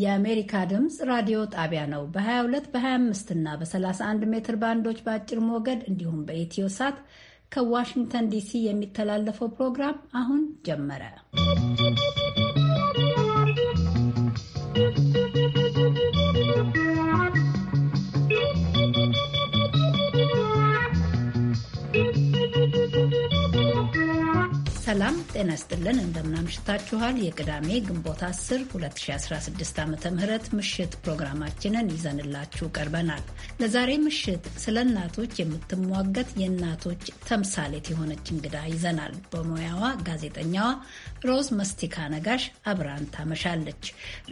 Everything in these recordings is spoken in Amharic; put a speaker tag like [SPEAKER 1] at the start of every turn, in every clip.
[SPEAKER 1] የአሜሪካ ድምፅ ራዲዮ ጣቢያ ነው። በ22 በ25 እና በ31 ሜትር ባንዶች በአጭር ሞገድ እንዲሁም በኢትዮ ሳት ከዋሽንግተን ዲሲ የሚተላለፈው ፕሮግራም አሁን ጀመረ። ሰላም ጤና ስጥልን። እንደምናምሽታችኋል። የቅዳሜ ግንቦት 10 2016 ዓ ም ምሽት ፕሮግራማችንን ይዘንላችሁ ቀርበናል። ለዛሬ ምሽት ስለ እናቶች የምትሟገት የእናቶች ተምሳሌት የሆነች እንግዳ ይዘናል። በሙያዋ ጋዜጠኛዋ ሮዝ መስቲካ ነጋሽ አብራን ታመሻለች።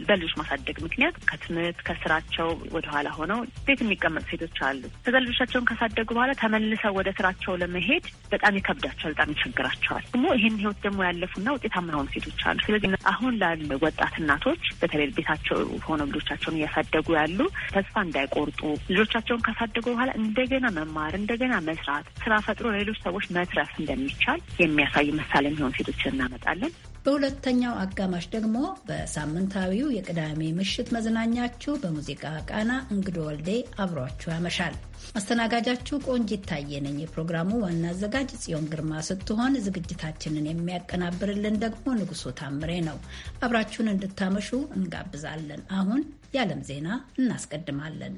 [SPEAKER 1] በልጆች ማሳደግ ምክንያት ከትምህርት ከስራቸው ወደኋላ ሆነው ቤት የሚቀመጡ
[SPEAKER 2] ሴቶች አሉ። ከዛ ልጆቻቸውን ካሳደጉ በኋላ ተመልሰው ወደ ስራቸው ለመሄድ በጣም ይከብዳቸዋል፣ በጣም ይቸግራቸዋል። ደግሞ ይህን ህይወት ደግሞ ያለፉና ውጤታማ የሆኑ ሴቶች አሉ። ስለዚህ አሁን ላሉ ወጣት እናቶች በተለይ ቤታቸው ሆነው ልጆቻቸውን እያሳደጉ ያሉ ተስፋ እንዳይቆርጡ ልጆቻቸውን ካሳደጉ በኋላ እንደገና መማር እንደገና መስራት ስራ ፈጥሮ ለሌሎች ሰዎች መትረፍ እንደሚቻል የሚያሳይ ምሳሌ የሚሆን ሴቶች እናመጣለን።
[SPEAKER 1] በሁለተኛው አጋማሽ ደግሞ በሳምንታዊው የቅዳሜ ምሽት መዝናኛችሁ በሙዚቃ ቃና እንግዶ ወልዴ አብሯችሁ ያመሻል። አስተናጋጃችሁ ቆንጅ ይታየነኝ። የፕሮግራሙ ዋና አዘጋጅ ጽዮን ግርማ ስትሆን ዝግጅታችንን የሚያቀናብርልን ደግሞ ንጉሱ ታምሬ ነው። አብራችሁን እንድታመሹ እንጋብዛለን። አሁን የዓለም ዜና እናስቀድማለን።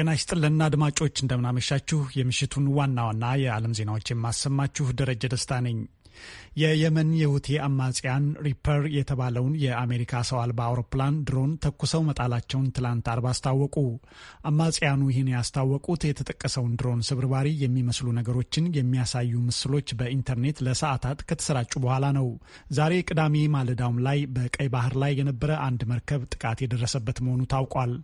[SPEAKER 3] ጤና ይስጥልና አድማጮች እንደምናመሻችሁ። የምሽቱን ዋና ዋና የዓለም ዜናዎች የማሰማችሁ ደረጀ ደስታ ነኝ። የየመን የሁቲ አማጽያን ሪፐር የተባለውን የአሜሪካ ሰው አልባ አውሮፕላን ድሮን ተኩሰው መጣላቸውን ትላንት አርብ አስታወቁ። አማጽያኑ ይህን ያስታወቁት የተጠቀሰውን ድሮን ስብርባሪ የሚመስሉ ነገሮችን የሚያሳዩ ምስሎች በኢንተርኔት ለሰዓታት ከተሰራጩ በኋላ ነው። ዛሬ ቅዳሜ ማለዳውም ላይ በቀይ ባህር ላይ የነበረ አንድ መርከብ ጥቃት የደረሰበት መሆኑ ታውቋል።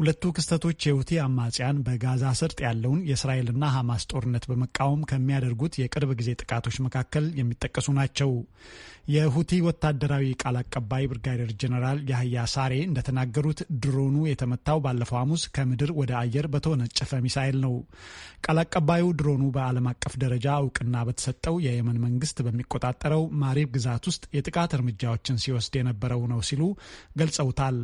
[SPEAKER 3] ሁለቱ ክስተቶች የሁቲ አማጽያን በጋዛ ሰርጥ ያለውን የእስራኤልና ሐማስ ጦርነት በመቃወም ከሚያደርጉት የቅርብ ጊዜ ጥቃቶች መካከል የሚ የሚጠቀሱ ናቸው። የሁቲ ወታደራዊ ቃል አቀባይ ብርጋዴር ጀነራል ያህያ ሳሬ እንደተናገሩት ድሮኑ የተመታው ባለፈው ሐሙስ ከምድር ወደ አየር በተወነጨፈ ሚሳኤል ነው። ቃል አቀባዩ ድሮኑ በዓለም አቀፍ ደረጃ እውቅና በተሰጠው የየመን መንግስት በሚቆጣጠረው ማሪብ ግዛት ውስጥ የጥቃት እርምጃዎችን ሲወስድ የነበረው ነው ሲሉ ገልጸውታል።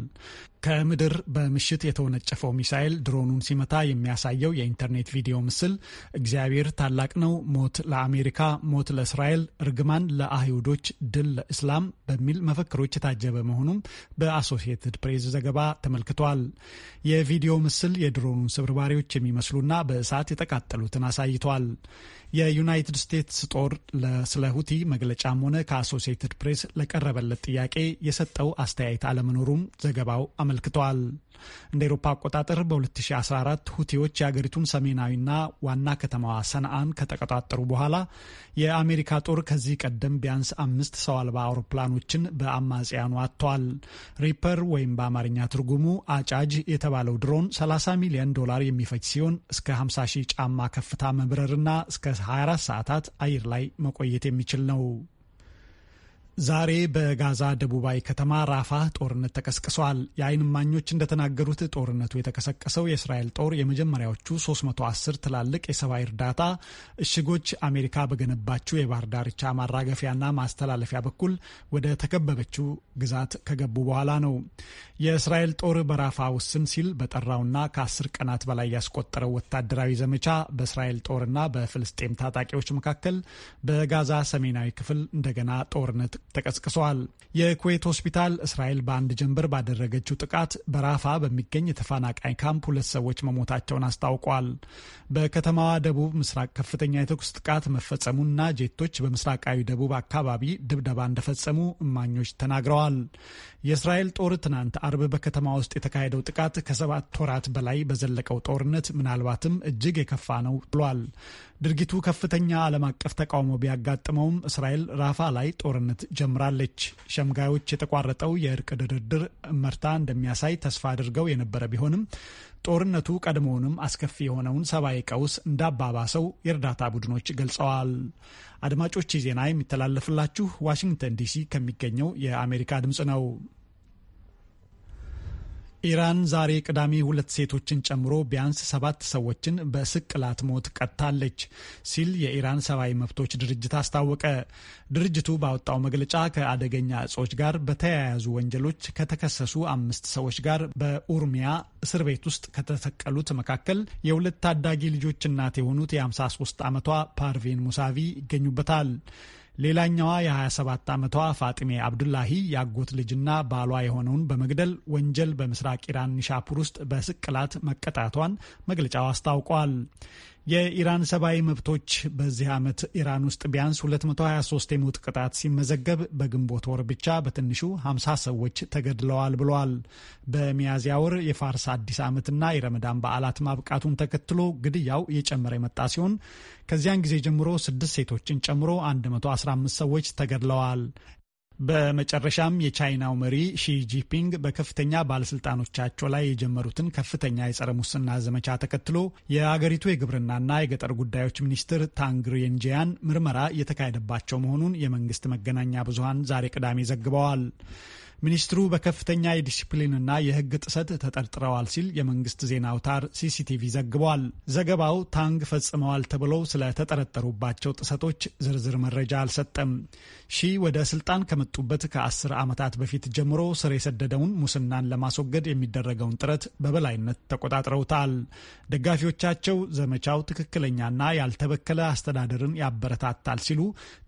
[SPEAKER 3] ከምድር በምሽት የተወነጨፈው ሚሳኤል ድሮኑን ሲመታ የሚያሳየው የኢንተርኔት ቪዲዮ ምስል እግዚአብሔር ታላቅ ነው፣ ሞት ለአሜሪካ፣ ሞት ለእስራኤል እርግማን ለአይሁዶች ድል ለእስላም በሚል መፈክሮች የታጀበ መሆኑም በአሶሲየትድ ፕሬስ ዘገባ ተመልክቷል። የቪዲዮ ምስል የድሮኑን ስብርባሪዎች የሚመስሉና በእሳት የተቃጠሉትን አሳይቷል። የዩናይትድ ስቴትስ ጦር ስለ ሁቲ መግለጫም ሆነ ከአሶሲየትድ ፕሬስ ለቀረበለት ጥያቄ የሰጠው አስተያየት አለመኖሩም ዘገባው አመልክተዋል። እንደ ኤሮፓ አቆጣጠር በ2014 ሁቲዎች የአገሪቱን ሰሜናዊና ዋና ከተማዋ ሰንአን ከተቆጣጠሩ በኋላ የአሜሪካ ጦር ከዚህ ቀደም ቢያንስ አምስት ሰው አልባ አውሮፕላኖችን በአማጽያኑ አጥቷል። ሪፐር ወይም በአማርኛ ትርጉሙ አጫጅ የተባለው ድሮን 30 ሚሊዮን ዶላር የሚፈጅ ሲሆን እስከ 50 ሺህ ጫማ ከፍታ መብረርና እስከ ለ24 ሰዓታት አየር ላይ መቆየት የሚችል ነው። ዛሬ በጋዛ ደቡባዊ ከተማ ራፋ ጦርነት ተቀስቅሷል። የአይን ማኞች እንደተናገሩት ጦርነቱ የተቀሰቀሰው የእስራኤል ጦር የመጀመሪያዎቹ 310 ትላልቅ የሰብአዊ እርዳታ እሽጎች አሜሪካ በገነባችው የባህር ዳርቻ ማራገፊያና ማስተላለፊያ በኩል ወደ ተከበበችው ግዛት ከገቡ በኋላ ነው። የእስራኤል ጦር በራፋ ውስን ሲል በጠራውና ከአስር ቀናት በላይ ያስቆጠረው ወታደራዊ ዘመቻ በእስራኤል ጦርና በፍልስጤም ታጣቂዎች መካከል በጋዛ ሰሜናዊ ክፍል እንደገና ጦርነት ተቀስቅሰዋል። የኩዌት ሆስፒታል እስራኤል በአንድ ጀንበር ባደረገችው ጥቃት በራፋ በሚገኝ የተፈናቃይ ካምፕ ሁለት ሰዎች መሞታቸውን አስታውቋል። በከተማዋ ደቡብ ምስራቅ ከፍተኛ የተኩስ ጥቃት መፈጸሙና ጄቶች በምስራቃዊ ደቡብ አካባቢ ድብደባ እንደፈጸሙ እማኞች ተናግረዋል። የእስራኤል ጦር ትናንት አርብ በከተማ ውስጥ የተካሄደው ጥቃት ከሰባት ወራት በላይ በዘለቀው ጦርነት ምናልባትም እጅግ የከፋ ነው ብሏል። ድርጊቱ ከፍተኛ ዓለም አቀፍ ተቃውሞ ቢያጋጥመውም እስራኤል ራፋ ላይ ጦርነት ጀምራለች። ሸምጋዮች የተቋረጠው የእርቅ ድርድር እመርታ እንደሚያሳይ ተስፋ አድርገው የነበረ ቢሆንም ጦርነቱ ቀድሞውንም አስከፊ የሆነውን ሰብአዊ ቀውስ እንዳባባሰው የእርዳታ ቡድኖች ገልጸዋል። አድማጮች ዜና የሚተላለፍላችሁ ዋሽንግተን ዲሲ ከሚገኘው የአሜሪካ ድምፅ ነው። ኢራን ዛሬ ቅዳሜ ሁለት ሴቶችን ጨምሮ ቢያንስ ሰባት ሰዎችን በስቅላት ሞት ቀጥታለች ሲል የኢራን ሰብአዊ መብቶች ድርጅት አስታወቀ። ድርጅቱ ባወጣው መግለጫ ከአደገኛ እጾች ጋር በተያያዙ ወንጀሎች ከተከሰሱ አምስት ሰዎች ጋር በኡርሚያ እስር ቤት ውስጥ ከተሰቀሉት መካከል የሁለት ታዳጊ ልጆች እናት የሆኑት የ53 ዓመቷ ፓርቬን ሙሳቪ ይገኙበታል። ሌላኛዋ የ27 ዓመቷ ፋጢሜ አብዱላሂ የአጎት ልጅና ባሏ የሆነውን በመግደል ወንጀል በምስራቅ ኢራን ኒሻፑር ውስጥ በስቅላት መቀጣቷን መግለጫው አስታውቋል። የኢራን ሰብአዊ መብቶች በዚህ ዓመት ኢራን ውስጥ ቢያንስ 223 የሞት ቅጣት ሲመዘገብ በግንቦት ወር ብቻ በትንሹ 50 ሰዎች ተገድለዋል ብለዋል። በሚያዝያ ወር የፋርስ አዲስ ዓመትና የረመዳን በዓላት ማብቃቱን ተከትሎ ግድያው እየጨመረ የመጣ ሲሆን ከዚያን ጊዜ ጀምሮ ስድስት ሴቶችን ጨምሮ 115 ሰዎች ተገድለዋል። በመጨረሻም የቻይናው መሪ ሺጂፒንግ በከፍተኛ ባለስልጣኖቻቸው ላይ የጀመሩትን ከፍተኛ የጸረ ሙስና ዘመቻ ተከትሎ የአገሪቱ የግብርናና የገጠር ጉዳዮች ሚኒስትር ታንግ ሬንጂያን ምርመራ እየተካሄደባቸው መሆኑን የመንግስት መገናኛ ብዙሃን ዛሬ ቅዳሜ ዘግበዋል። ሚኒስትሩ በከፍተኛ የዲሲፕሊንና የሕግ ጥሰት ተጠርጥረዋል ሲል የመንግስት ዜና አውታር ሲሲቲቪ ዘግቧል። ዘገባው ታንግ ፈጽመዋል ተብለው ስለተጠረጠሩባቸው ጥሰቶች ዝርዝር መረጃ አልሰጠም። ሺ ወደ ስልጣን ከመጡበት ከአስር ዓመታት በፊት ጀምሮ ስር የሰደደውን ሙስናን ለማስወገድ የሚደረገውን ጥረት በበላይነት ተቆጣጥረውታል። ደጋፊዎቻቸው ዘመቻው ትክክለኛና ያልተበከለ አስተዳደርን ያበረታታል ሲሉ፣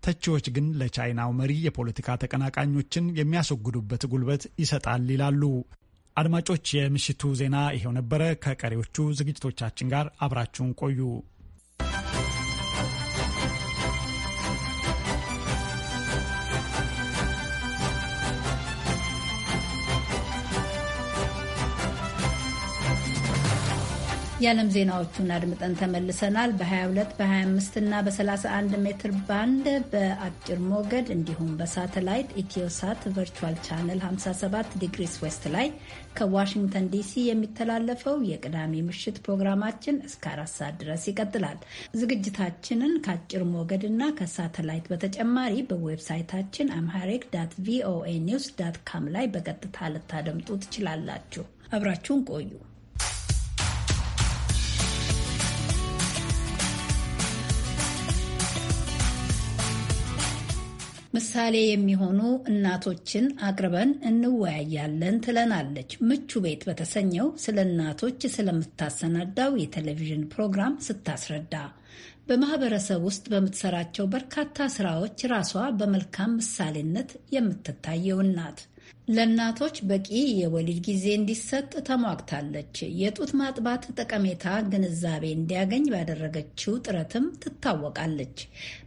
[SPEAKER 3] ተቺዎች ግን ለቻይናው መሪ የፖለቲካ ተቀናቃኞችን የሚያስወግዱበት የእምነት ጉልበት ይሰጣል ይላሉ። አድማጮች፣ የምሽቱ ዜና ይሄው ነበረ። ከቀሪዎቹ ዝግጅቶቻችን ጋር አብራችሁን ቆዩ።
[SPEAKER 1] የዓለም ዜናዎቹን አድምጠን ተመልሰናል። በ22 በ25 እና በ31 ሜትር ባንድ በአጭር ሞገድ እንዲሁም በሳተላይት ኢትዮሳት ቨርቹዋል ቻነል 57 ዲግሪስ ዌስት ላይ ከዋሽንግተን ዲሲ የሚተላለፈው የቅዳሜ ምሽት ፕሮግራማችን እስከ አራት ሰዓት ድረስ ይቀጥላል። ዝግጅታችንን ከአጭር ሞገድ እና ከሳተላይት በተጨማሪ በዌብሳይታችን አምሃሪክ ዳት ቪኦኤ ኒውስ ዳት ካም ላይ በቀጥታ ልታደምጡ ትችላላችሁ። አብራችሁን ቆዩ። ምሳሌ የሚሆኑ እናቶችን አቅርበን እንወያያለን ትለናለች። ምቹ ቤት በተሰኘው ስለ እናቶች ስለምታሰናዳው የቴሌቪዥን ፕሮግራም ስታስረዳ በማህበረሰብ ውስጥ በምትሰራቸው በርካታ ስራዎች ራሷ በመልካም ምሳሌነት የምትታየው ናት። ለእናቶች በቂ የወሊድ ጊዜ እንዲሰጥ ተሟግታለች። የጡት ማጥባት ጠቀሜታ ግንዛቤ እንዲያገኝ ባደረገችው ጥረትም ትታወቃለች።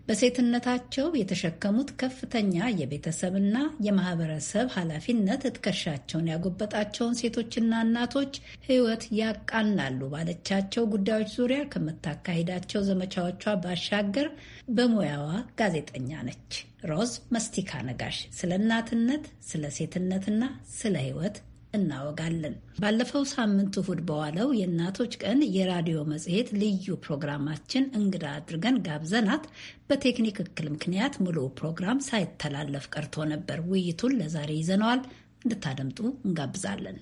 [SPEAKER 1] በሴትነታቸው የተሸከሙት ከፍተኛ የቤተሰብና የማህበረሰብ ኃላፊነት ትከሻቸውን ያጎበጣቸውን ሴቶችና እናቶች ሕይወት ያቃናሉ ባለቻቸው ጉዳዮች ዙሪያ ከምታካሂዳቸው ዘመቻዎቿ ባሻገር በሙያዋ ጋዜጠኛ ነች። ሮዝ መስቲካ ነጋሽ ስለ እናትነት፣ ስለ ሴትነትና ስለ ህይወት እናወጋለን። ባለፈው ሳምንት እሁድ በዋለው የእናቶች ቀን የራዲዮ መጽሔት ልዩ ፕሮግራማችን እንግዳ አድርገን ጋብዘናት በቴክኒክ እክል ምክንያት ሙሉ ፕሮግራም ሳይተላለፍ ቀርቶ ነበር። ውይይቱን ለዛሬ ይዘነዋል። እንድታደምጡ እንጋብዛለን።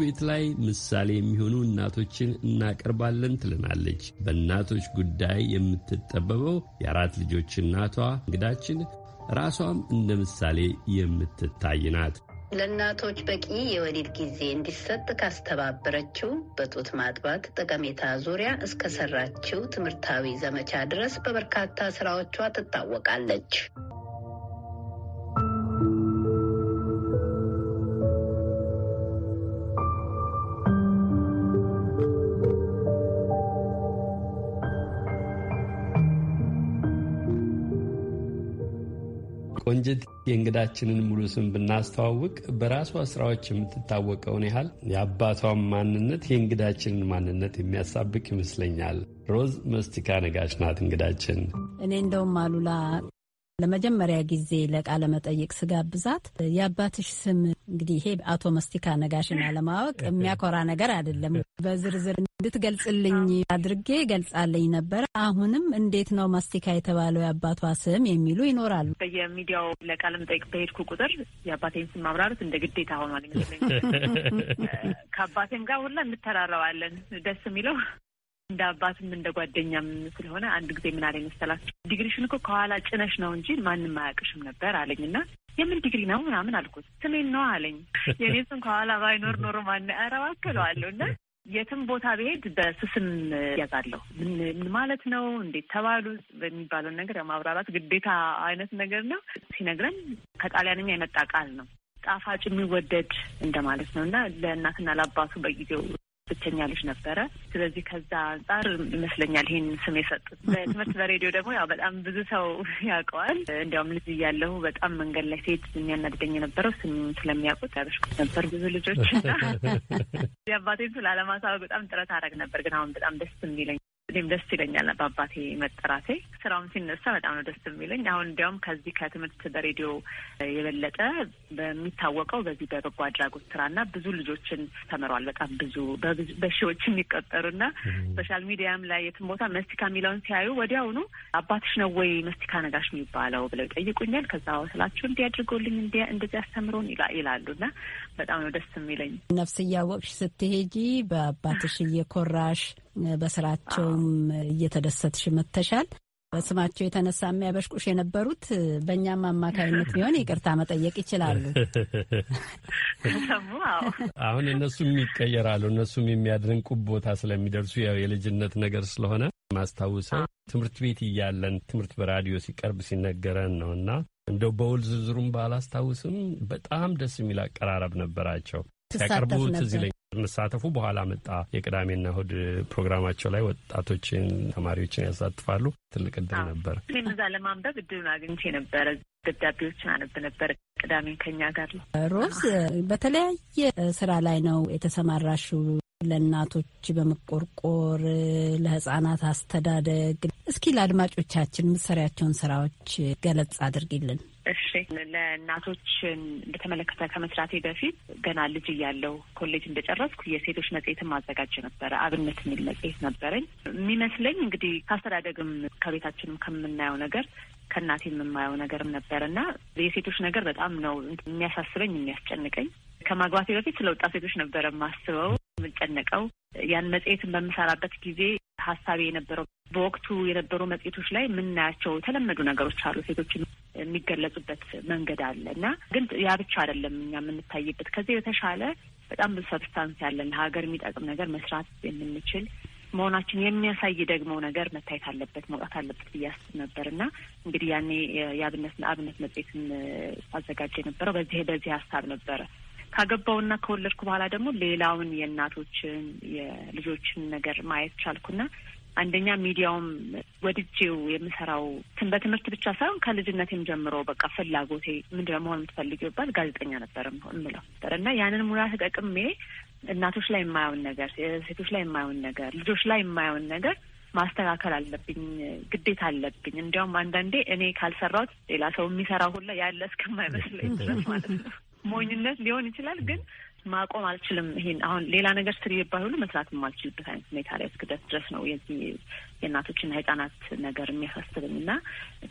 [SPEAKER 4] ቤት ላይ ምሳሌ የሚሆኑ እናቶችን እናቀርባለን ትልናለች። በእናቶች ጉዳይ የምትጠበበው የአራት ልጆች እናቷ እንግዳችን ራሷም እንደ ምሳሌ የምትታይ ናት። ለእናቶች በቂ የወሊድ ጊዜ እንዲሰጥ ካስተባበረችው
[SPEAKER 1] በጡት ማጥባት ጠቀሜታ ዙሪያ እስከሰራችው ትምህርታዊ ዘመቻ ድረስ በበርካታ ስራዎቿ ትታወቃለች።
[SPEAKER 4] ቆንጅት የእንግዳችንን ሙሉ ስም ብናስተዋውቅ በራሷ ስራዎች የምትታወቀውን ያህል የአባቷን ማንነት የእንግዳችንን ማንነት የሚያሳብቅ ይመስለኛል። ሮዝ መስቲካ ነጋሽ ናት እንግዳችን።
[SPEAKER 1] እኔ እንደውም አሉላ ለመጀመሪያ ጊዜ ለቃለ መጠይቅ ስጋብዛት የአባትሽ ስም እንግዲህ ይሄ አቶ መስቲካ ነጋሽን አለማወቅ የሚያኮራ ነገር አይደለም። በዝርዝር እንድትገልጽልኝ አድርጌ ገልጻልኝ ነበር አሁንም እንዴት ነው ማስቲካ የተባለው የአባቷ ስም የሚሉ ይኖራሉ።
[SPEAKER 2] በየሚዲያው ለቃለ መጠይቅ በሄድኩ ቁጥር የአባቴን ስም ማብራራት እንደ ግዴታ ሆኗል። ከአባቴም ጋር ሁላ እንተራረባለን። ደስ የሚለው እንደ አባትም እንደ ጓደኛም ስለሆነ አንድ ጊዜ ምን አለኝ መሰላችሁ፣ ዲግሪሽን እኮ ከኋላ ጭነሽ ነው እንጂ ማንም አያውቅሽም ነበር አለኝና የምን ዲግሪ ነው ምናምን አልኩት። ስሜን ነው አለኝ። የኔ ስም ከኋላ ባይኖር ኖሮ ማን አረባክለዋለሁ እና የትም ቦታ ብሄድ በስስም ያዛለሁ። ምን ማለት ነው እንዴት ተባሉ በሚባለው ነገር የማብራራት ግዴታ አይነት ነገር ነው። ሲነግረን ከጣሊያንም የመጣ ቃል ነው። ጣፋጭ የሚወደድ እንደማለት ነው እና ለእናትና ለአባቱ በጊዜው ብቸኛ ልጅ ነበረ። ስለዚህ ከዛ አንጻር ይመስለኛል ይህን ስም የሰጡት። በትምህርት በሬዲዮ ደግሞ ያው በጣም ብዙ ሰው ያውቀዋል። እንዲያውም ልጅ እያለሁ በጣም መንገድ ላይ ሴት የሚያናድደኝ የነበረው ስም ስለሚያውቁት ያበሽኩት ነበር ብዙ ልጆች። የአባቴን ስላለማሳወቅ በጣም ጥረት አደርግ ነበር፣ ግን አሁን በጣም ደስ የሚለኝ እኔም ደስ ይለኛል በአባቴ መጠራቴ። ስራውን ሲነሳ በጣም ነው ደስ የሚለኝ። አሁን እንዲያውም ከዚህ ከትምህርት በሬዲዮ የበለጠ በሚታወቀው በዚህ በበጎ አድራጎት ስራና ብዙ ልጆችን ተምሯል። በጣም ብዙ በሺዎች የሚቆጠሩና ሶሻል ሚዲያም ላይ የትም ቦታ መስቲካ የሚለውን ሲያዩ ወዲያውኑ አባትሽ ነው ወይ መስቲካ ነጋሽ የሚባለው ብለው ይጠይቁኛል። ከዛ ስላችሁ እንዲህ አድርጎልኝ እንደዚህ አስተምሮን ይላሉ ይላሉና በጣም ነው ደስ የሚለኝ።
[SPEAKER 1] ነፍስ እያወቅሽ ስትሄጂ በአባትሽ እየኮራሽ በስራቸውም እየተደሰትሽ መተሻል። በስማቸው የተነሳ የሚያበሽቁሽ የነበሩት በእኛም አማካኝነት ቢሆን ይቅርታ መጠየቅ ይችላሉ።
[SPEAKER 4] አሁን እነሱም ይቀየራሉ። እነሱም የሚያድንቁ ቦታ ስለሚደርሱ ያው የልጅነት ነገር ስለሆነ ማስታውሰው ትምህርት ቤት እያለን ትምህርት በራዲዮ ሲቀርብ ሲነገረን ነው እና እንደው በውል ዝርዝሩም ባላስታውስም በጣም ደስ የሚል አቀራረብ ነበራቸው። ሲያቀርቡ ትዝ ይለኛል። መሳተፉ በኋላ መጣ። የቅዳሜና እሁድ ፕሮግራማቸው ላይ ወጣቶችን፣ ተማሪዎችን ያሳትፋሉ። ትልቅ እድል ነበር።
[SPEAKER 2] እኔም እዛ ለማንበብ እድሉን አግኝቼ ነበረ። ደብዳቤዎችን አነብ ነበር። ቅዳሜን ከኛ
[SPEAKER 1] ጋር ሮዝ፣ በተለያየ ስራ ላይ ነው የተሰማራሹ ለእናቶች በመቆርቆር ለህጻናት አስተዳደግ። እስኪ ለአድማጮቻችን ምሰሪያቸውን ስራዎች ገለጽ አድርጊልን።
[SPEAKER 2] እሺ ለእናቶች በተመለከተ ከመስራቴ በፊት ገና ልጅ እያለሁ ኮሌጅ እንደጨረስኩ የሴቶች መጽሔትም አዘጋጅ ነበረ። አብነት የሚል መጽሄት ነበረኝ። የሚመስለኝ እንግዲህ ካስተዳደግም ከቤታችንም ከምናየው ነገር ከእናቴ የምማየው ነገርም ነበር እና የሴቶች ነገር በጣም ነው የሚያሳስበኝ የሚያስጨንቀኝ። ከማግባቴ በፊት ስለ ወጣት ሴቶች ነበረ ማስበው የምጨነቀው። ያን መጽሄትን በምሰራበት ጊዜ ሀሳቤ የነበረው በወቅቱ የነበሩ መጽሄቶች ላይ የምናያቸው የተለመዱ ነገሮች አሉ። ሴቶች የሚገለጹበት መንገድ አለ እና ግን ያ ብቻ አይደለም እኛ የምንታይበት ከዚህ የተሻለ በጣም ብዙ ሰብስታንስ ያለን ለሀገር የሚጠቅም ነገር መስራት የምንችል መሆናችን የሚያሳይ ደግሞ ነገር መታየት አለበት መውጣት አለበት ብዬ አስብ ነበር እና እንግዲህ ያኔ የአብነት አብነት አዘጋጅ የነበረው በዚህ በዚህ ሀሳብ ነበረ። ካገባውና ከወለድኩ በኋላ ደግሞ ሌላውን የእናቶችን የልጆችን ነገር ማየት ቻልኩና አንደኛ ሚዲያውም ወድጄው የምሰራው በትምህርት ብቻ ሳይሆን ከልጅነቴም ጀምሮ በቃ ፍላጎቴ ምንድን ነው መሆን የምትፈልጊው ይባል ጋዜጠኛ ነበር የምለው ነበር እና ያንን ሙያ ተጠቅሜ እናቶች ላይ የማየውን ነገር፣ ሴቶች ላይ የማየውን ነገር፣ ልጆች ላይ የማየውን ነገር ማስተካከል አለብኝ፣ ግዴታ አለብኝ። እንዲያውም አንዳንዴ እኔ ካልሰራሁት ሌላ ሰው የሚሰራ ሁላ ያለ እስከማይመስለኝ ድረስ ማለት ነው። ሞኝነት ሊሆን ይችላል ግን ማቆም አልችልም። ይሄን አሁን ሌላ ነገር ስሪ ይባል መስራት የማልችልበት አይነት ሁኔታ ላይ እስክደርስ ድረስ ነው የዚህ የእናቶችና የሕጻናት ነገር የሚያሳስበኝ እና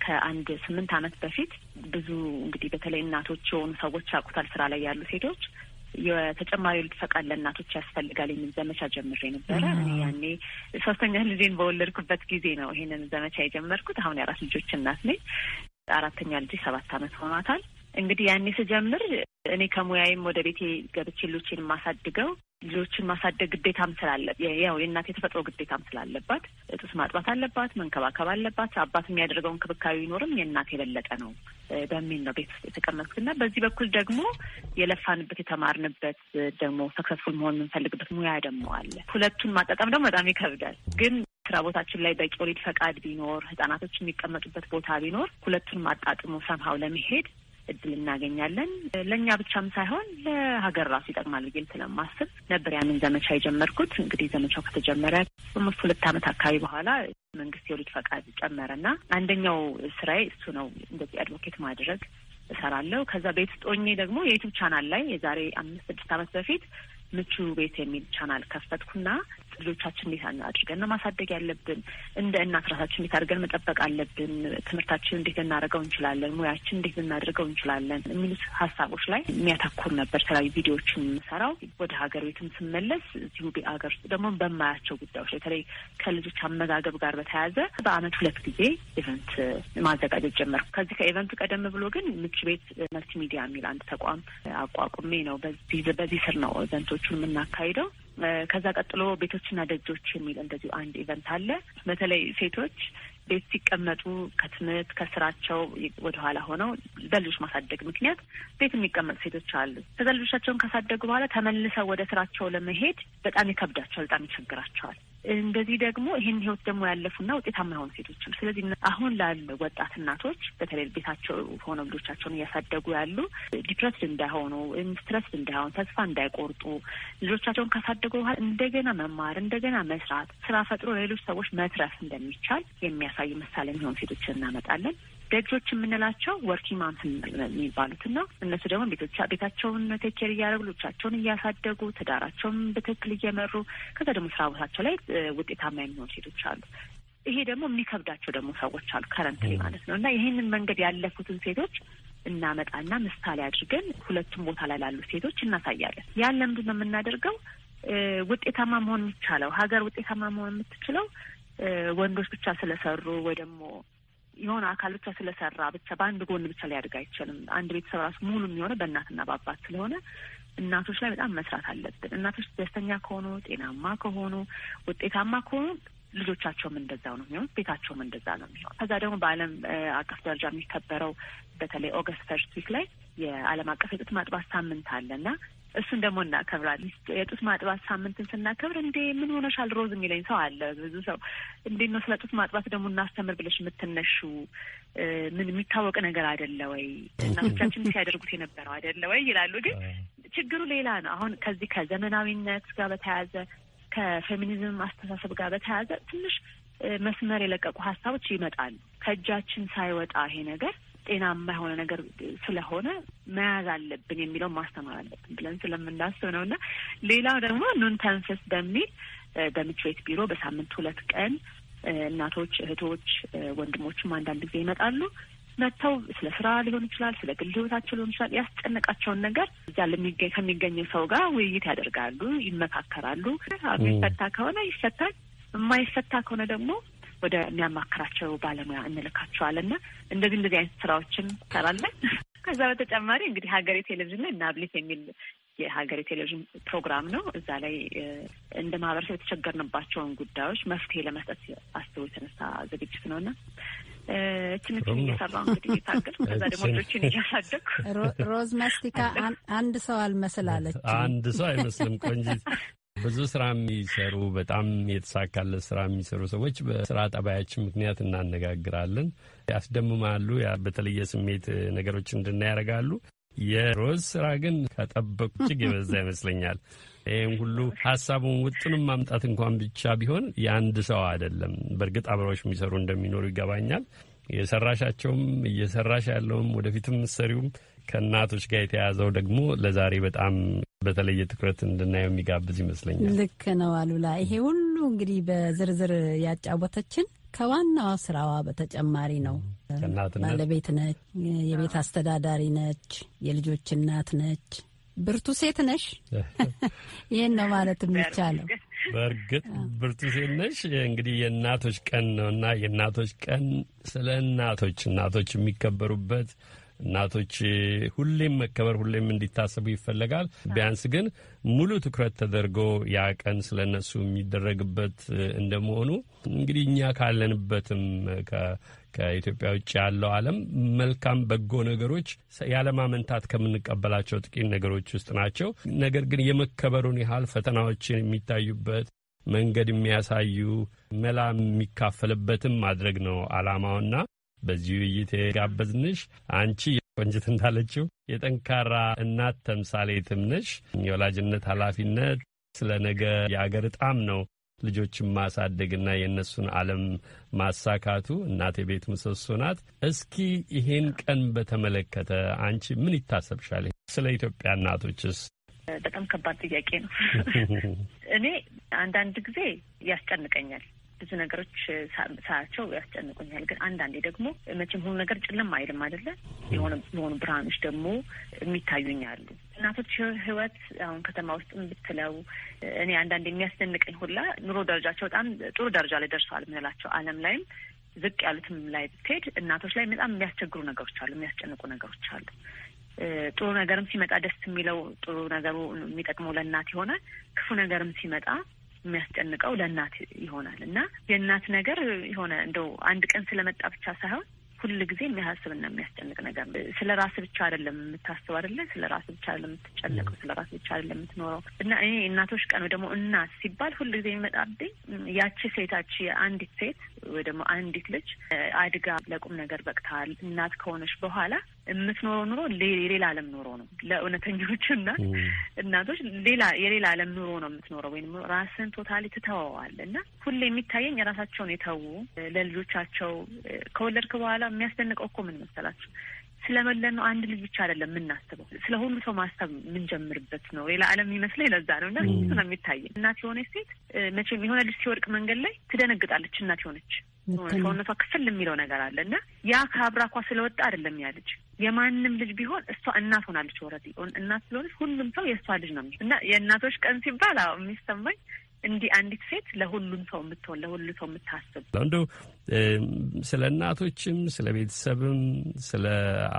[SPEAKER 2] ከአንድ ስምንት ዓመት በፊት ብዙ እንግዲህ በተለይ እናቶች የሆኑ ሰዎች ያውቁታል ስራ ላይ ያሉ ሴቶች የተጨማሪ ልጅ ፈቃድ ለእናቶች ያስፈልጋል የሚል ዘመቻ ጀምሬ ነበረ። ያኔ ሶስተኛ ልጄን በወለድኩበት ጊዜ ነው ይሄንን ዘመቻ የጀመርኩት። አሁን የአራት ልጆች እናት ነኝ። አራተኛ ልጄ ሰባት ዓመት ሆኗታል። እንግዲህ ያኔ ስጀምር እኔ ከሙያዬም ወደ ቤቴ ገብቼ ልጆችን የማሳድገው ልጆችን ማሳደግ ግዴታም ስላለ ያው የእናት የተፈጥሮ ግዴታም ስላለባት ጡት ማጥባት አለባት፣ መንከባከብ አለባት። አባት የሚያደርገው እንክብካቤ ቢኖርም የእናት የበለጠ ነው በሚል ነው ቤት ውስጥ የተቀመጥኩት በዚህ በኩል ደግሞ የለፋንበት የተማርንበት ደግሞ ሰክሰስፉል መሆን የምንፈልግበት ሙያ ደግሞ አለ። ሁለቱን ማጣጣም ደግሞ በጣም ይከብዳል ግን ስራ ቦታችን ላይ በቂ ወሊድ ፈቃድ ቢኖር ህጻናቶች የሚቀመጡበት ቦታ ቢኖር ሁለቱን ማጣጥሞ ሰምሀው ለመሄድ እድል እናገኛለን። ለእኛ ብቻም ሳይሆን ለሀገር ራሱ ይጠቅማል ብዬም ስለማስብ ነበር ያንን ዘመቻ የጀመርኩት። እንግዲህ ዘመቻው ከተጀመረ ሶስት ሁለት ዓመት አካባቢ በኋላ መንግስት የወሊድ ፈቃድ ጨመረና አንደኛው ስራዬ እሱ ነው፣ እንደዚህ አድቮኬት ማድረግ እሰራለሁ። ከዛ ቤት ውስጥ ሆኜ ደግሞ የዩቱብ ቻናል ላይ የዛሬ አምስት ስድስት ዓመት በፊት ምቹ ቤት የሚል ቻናል ከፈትኩና ልጆቻችን እንዴት አድርገን ነው ማሳደግ ያለብን? እንደ እናት ራሳችን እንዴት አድርገን መጠበቅ አለብን? ትምህርታችን እንዴት ልናደርገው እንችላለን? ሙያችን እንዴት ልናደርገው እንችላለን? የሚሉት ሀሳቦች ላይ የሚያተኩር ነበር። የተለያዩ ቪዲዮዎችን የምሰራው ወደ ሀገር ቤትም ስመለስ እዚሁ ሀገር ውስጥ ደግሞ በማያቸው ጉዳዮች በተለይ ከልጆች አመጋገብ ጋር በተያያዘ በአመት ሁለት ጊዜ ኢቨንት ማዘጋጀት ጀመርኩ። ከዚህ ከኢቨንቱ ቀደም ብሎ ግን ምች ቤት መልቲሚዲያ ሚዲያ የሚል አንድ ተቋም አቋቁሜ ነው በዚህ ስር ነው ኢቨንቶቹን የምናካሂደው። ከዛ ቀጥሎ ቤቶችና ደጆች የሚል እንደዚሁ አንድ ኢቨንት አለ። በተለይ ሴቶች ቤት ሲቀመጡ ከትምህርት ከስራቸው ወደኋላ ሆነው በልጆች ማሳደግ ምክንያት ቤት የሚቀመጡ ሴቶች አሉ። ከዛ ልጆቻቸውን ካሳደጉ በኋላ ተመልሰው ወደ ስራቸው ለመሄድ በጣም ይከብዳቸዋል፣ በጣም ይቸግራቸዋል። እንደዚህ ደግሞ ይህን ህይወት ደግሞ ያለፉና ውጤታማ የሆኑ ሴቶችም። ስለዚህ አሁን ላሉ ወጣት እናቶች በተለይ ቤታቸው ሆነው ልጆቻቸውን እያሳደጉ ያሉ ዲፕረስድ እንዳይሆኑ ስትረስድ እንዳይሆኑ ተስፋ እንዳይቆርጡ ልጆቻቸውን ካሳደጉ በኋላ እንደገና መማር እንደገና መስራት ስራ ፈጥሮ ለሌሎች ሰዎች መትረፍ እንደሚቻል የሚያሳይ ምሳሌ የሚሆኑ ሴቶችን እናመጣለን። ደጆች የምንላቸው ወርኪ ማምስ የሚባሉት ና እነሱ ደግሞ ቤቶቻ ቤታቸውን ቴኬር እያደረጉ ልጆቻቸውን እያሳደጉ ትዳራቸውን በትክክል እየመሩ ከዛ ደግሞ ስራ ቦታቸው ላይ ውጤታማ የሚሆኑ ሴቶች አሉ። ይሄ ደግሞ የሚከብዳቸው ደግሞ ሰዎች አሉ ከረንት ላይ ማለት ነው እና ይህንን መንገድ ያለፉትን ሴቶች እናመጣና ምሳሌ አድርገን ሁለቱም ቦታ ላይ ላሉ ሴቶች እናሳያለን። ያን ለምንድን ነው የምናደርገው? ውጤታማ መሆን የሚቻለው ሀገር ውጤታማ መሆን የምትችለው ወንዶች ብቻ ስለሰሩ ወይ ደግሞ የሆነ አካል ብቻ ስለሰራ ብቻ በአንድ ጎን ብቻ ሊያድግ አይችልም። አንድ ቤተሰብ ራሱ ሙሉ የሚሆነ በእናትና በአባት ስለሆነ እናቶች ላይ በጣም መስራት አለብን። እናቶች ደስተኛ ከሆኑ፣ ጤናማ ከሆኑ፣ ውጤታማ ከሆኑ ልጆቻቸውም እንደዛው ነው የሚሆኑት፣ ቤታቸውም እንደዛ ነው የሚሆኑ። ከዛ ደግሞ በዓለም አቀፍ ደረጃ የሚከበረው በተለይ ኦገስት ፈርስት ዊክ ላይ የዓለም አቀፍ የጡት ማጥባት ሳምንት አለ እና እሱን ደግሞ እናከብራለን። የጡት ማጥባት ሳምንትን ስናከብር እንዴ ምን ሆነሻል ሮዝ የሚለኝ ሰው አለ። ብዙ ሰው እንዴ ነው ስለ ጡት ማጥባት ደግሞ እናስተምር ብለሽ የምትነሹ ምን የሚታወቅ ነገር አይደለ ወይ? እናቶቻችን ሲያደርጉት የነበረው አይደለ ወይ ይላሉ። ግን ችግሩ ሌላ ነው። አሁን ከዚህ ከዘመናዊነት ጋር በተያያዘ ከፌሚኒዝም አስተሳሰብ ጋር በተያያዘ ትንሽ መስመር የለቀቁ ሀሳቦች ይመጣሉ። ከእጃችን ሳይወጣ ይሄ ነገር ጤናማ የሆነ ነገር ስለሆነ መያዝ አለብን የሚለው ማስተማር አለብን ብለን ስለምናስብ ነው እና ሌላው ደግሞ ኑን ተንፍስ በሚል ቤት ቢሮ በሳምንት ሁለት ቀን እናቶች፣ እህቶች፣ ወንድሞችም አንዳንድ ጊዜ ይመጣሉ። መጥተው ስለ ስራ ሊሆን ይችላል፣ ስለ ግል ህይወታቸው ሊሆን ይችላል። ያስጨነቃቸውን ነገር እዚያ ለሚገኝ ከሚገኘው ሰው ጋር ውይይት ያደርጋሉ፣ ይመካከራሉ። የሚፈታ ከሆነ ይፈታል፣ የማይፈታ ከሆነ ደግሞ ወደ የሚያማክራቸው ባለሙያ እንልካቸዋል እና እንደዚህ እንደዚህ አይነት ስራዎችን ሰራለን። ከዛ በተጨማሪ እንግዲህ ሀገሬ ቴሌቪዥን ላይ ናብሊት የሚል የሀገሬ ቴሌቪዥን ፕሮግራም ነው። እዛ ላይ እንደ ማህበረሰብ የተቸገርንባቸውን ጉዳዮች መፍትሄ ለመስጠት አስቦ የተነሳ ዝግጅት ነው እና
[SPEAKER 1] ትንትን እየሰራሁ
[SPEAKER 4] እንግዲህ እየታገልኩ ከዛ ደግሞ ልጆችን
[SPEAKER 1] እያሳደግኩ ሮዝ መስቲካ አንድ ሰው አልመስል አለች። አንድ ሰው አይመስልም ቆንጂት
[SPEAKER 4] ብዙ ስራ የሚሰሩ በጣም የተሳካለ ስራ የሚሰሩ ሰዎች በስራ ጠባያችን ምክንያት እናነጋግራለን። ያስደምማሉ፣ በተለየ ስሜት ነገሮች እንድናይ ያደርጋሉ። የሮዝ ስራ ግን ከጠበቁ እጅግ የበዛ ይመስለኛል። ይህም ሁሉ ሀሳቡን ውጡንም ማምጣት እንኳን ብቻ ቢሆን የአንድ ሰው አይደለም። በእርግጥ አብረዎች የሚሰሩ እንደሚኖሩ ይገባኛል። የሰራሻቸውም እየሰራሽ ያለውም ወደፊትም ሰሪውም ከእናቶች ጋር የተያያዘው ደግሞ ለዛሬ በጣም በተለየ ትኩረት እንድናየው የሚጋብዝ ይመስለኛል።
[SPEAKER 1] ልክ ነው አሉላ። ይሄ ሁሉ እንግዲህ በዝርዝር ያጫወተችን ከዋናዋ ስራዋ በተጨማሪ ነው። ባለቤት ነች፣ የቤት አስተዳዳሪ ነች፣ የልጆች እናት ነች። ብርቱ ሴት ነሽ። ይህን ነው ማለት የሚቻለው።
[SPEAKER 4] በእርግጥ ብርቱ ሴት ነሽ። እንግዲህ የእናቶች ቀን እና የእናቶች ቀን ስለ እናቶች እናቶች የሚከበሩበት እናቶች ሁሌም መከበር ሁሌም እንዲታሰቡ ይፈለጋል። ቢያንስ ግን ሙሉ ትኩረት ተደርጎ ያ ቀን ስለ እነሱ የሚደረግበት እንደመሆኑ እንግዲህ እኛ ካለንበትም ከኢትዮጵያ ውጭ ያለው ዓለም መልካም በጎ ነገሮች ያለማመንታት ከምንቀበላቸው ጥቂት ነገሮች ውስጥ ናቸው። ነገር ግን የመከበሩን ያህል ፈተናዎችን የሚታዩበት መንገድ የሚያሳዩ መላ የሚካፈልበትም ማድረግ ነው ዓላማውና በዚህ ውይይት የጋበዝንሽ አንቺ ቆንጅት እንዳለችው የጠንካራ እናት ተምሳሌትም ነሽ። የወላጅነት ኃላፊነት ስለ ነገ የአገር እጣም ነው። ልጆችን ማሳደግና የእነሱን ዓለም ማሳካቱ እናት የቤት ምሰሶ ናት። እስኪ ይሄን ቀን በተመለከተ አንቺ ምን ይታሰብሻል? ስለ ኢትዮጵያ እናቶችስ?
[SPEAKER 2] በጣም ከባድ ጥያቄ ነው። እኔ አንዳንድ ጊዜ ያስጨንቀኛል። ብዙ ነገሮች ሳያቸው ያስጨንቁኛል። ግን አንዳንዴ ደግሞ መቼም ሁሉ ነገር ጭልም አይልም አይደለ? የሆነ የሆኑ ብርሃኖች ደግሞ የሚታዩኝ አሉ። እናቶች ህይወት አሁን ከተማ ውስጥም ብትለው እኔ አንዳንዴ የሚያስደንቀኝ ሁላ ኑሮ ደረጃቸው በጣም ጥሩ ደረጃ ላይ ደርሰዋል የምንላቸው አለም ላይም ዝቅ ያሉትም ላይ ብትሄድ እናቶች ላይ በጣም የሚያስቸግሩ ነገሮች አሉ፣ የሚያስጨንቁ ነገሮች አሉ። ጥሩ ነገርም ሲመጣ ደስ የሚለው ጥሩ ነገሩ የሚጠቅመው ለእናት የሆነ ክፉ ነገርም ሲመጣ የሚያስጨንቀው ለእናት ይሆናል እና የእናት ነገር የሆነ እንደው አንድ ቀን ስለመጣ ብቻ ሳይሆን ሁል ጊዜ የሚያሳስብና የሚያስጨንቅ ነገር ስለ ራስ ብቻ አይደለም የምታስብ አይደለ ስለ ራስ ብቻ አይደለም የምትጨነቀው ስለ ራስ ብቻ አይደለም የምትኖረው እና እኔ እናቶች ቀን ደግሞ እናት ሲባል ሁል ጊዜ የሚመጣብኝ ያቺ ሴታች የአንዲት ሴት ወይ ደግሞ አንዲት ልጅ አድጋ ለቁም ነገር በቅታል እናት ከሆነች በኋላ የምትኖረው ኑሮ የሌላ ዓለም ኑሮ ነው። ለእውነተኞቹ እና እናቶች ሌላ የሌላ ዓለም ኑሮ ነው የምትኖረው፣ ወይም ራስን ቶታሊ ትተወዋል እና ሁሌ የሚታየኝ የራሳቸውን የተዉ ለልጆቻቸው ከወለድክ በኋላ የሚያስደንቀው እኮ ምን መሰላችሁ ስለመለን ነው አንድ ልጅ ብቻ አይደለም የምናስበው። ስለ ሁሉ ሰው ማሰብ የምንጀምርበት ነው። ሌላ ዓለም የሚመስለኝ ለዛ ነው እና ነው የሚታየ። እናት የሆነች ሴት መቼም የሆነ ልጅ ሲወድቅ መንገድ ላይ ትደነግጣለች። እናት የሆነች ሰውነቷ ክፍል የሚለው ነገር አለ እና ያ ከአብራኳ ስለወጣ አይደለም ያ ልጅ የማንም ልጅ ቢሆን እሷ እናት ሆናለች። ወረ እናት ስለሆነች ሁሉም ሰው የእሷ ልጅ ነው እና የእናቶች ቀን ሲባል የሚሰማኝ እንዲህ አንዲት ሴት ለሁሉም ሰው የምትሆን ለሁሉ ሰው የምታስብ
[SPEAKER 4] እንደው ስለ እናቶችም ስለ ቤተሰብም ስለ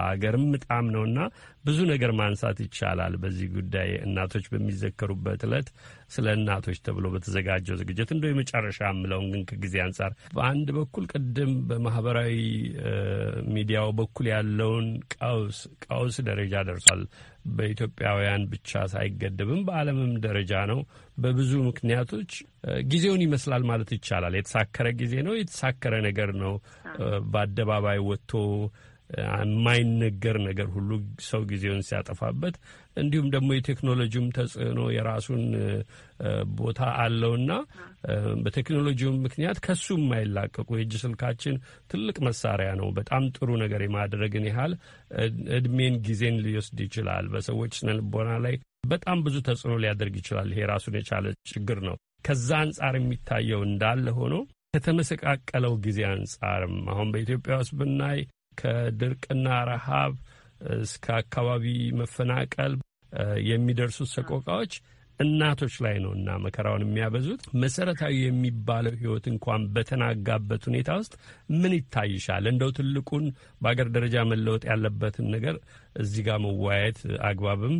[SPEAKER 4] አገርም ምጣም ነውና ብዙ ነገር ማንሳት ይቻላል። በዚህ ጉዳይ እናቶች በሚዘከሩበት ዕለት ስለ እናቶች ተብሎ በተዘጋጀው ዝግጅት እንደ የመጨረሻ የምለውን ግን ከጊዜ አንጻር በአንድ በኩል ቅድም በማህበራዊ ሚዲያው በኩል ያለውን ቀውስ ቀውስ ደረጃ ደርሷል። በኢትዮጵያውያን ብቻ ሳይገደብም በዓለምም ደረጃ ነው። በብዙ ምክንያቶች ጊዜውን ይመስላል ማለት ይቻላል። የተሳከረ ጊዜ ነው። የተሳከረ የተነገረ ነገር ነው። በአደባባይ ወጥቶ የማይነገር ነገር ሁሉ ሰው ጊዜውን ሲያጠፋበት፣ እንዲሁም ደግሞ የቴክኖሎጂውም ተጽዕኖ የራሱን ቦታ አለውና በቴክኖሎጂውም ምክንያት ከሱ የማይላቀቁ የእጅ ስልካችን ትልቅ መሳሪያ ነው። በጣም ጥሩ ነገር የማድረግን ያህል እድሜን፣ ጊዜን ሊወስድ ይችላል። በሰዎች ስነልቦና ላይ በጣም ብዙ ተጽዕኖ ሊያደርግ ይችላል። ይሄ ራሱን የቻለ ችግር ነው። ከዛ አንጻር የሚታየው እንዳለ ሆኖ ከተመሰቃቀለው ጊዜ አንጻርም አሁን በኢትዮጵያ ውስጥ ብናይ ከድርቅና ረሃብ እስከ አካባቢ መፈናቀል የሚደርሱት ሰቆቃዎች እናቶች ላይ ነው እና መከራውን የሚያበዙት መሰረታዊ የሚባለው ህይወት እንኳን በተናጋበት ሁኔታ ውስጥ ምን ይታይሻል? እንደው ትልቁን በአገር ደረጃ መለወጥ ያለበትን ነገር እዚህ ጋር መወያየት አግባብም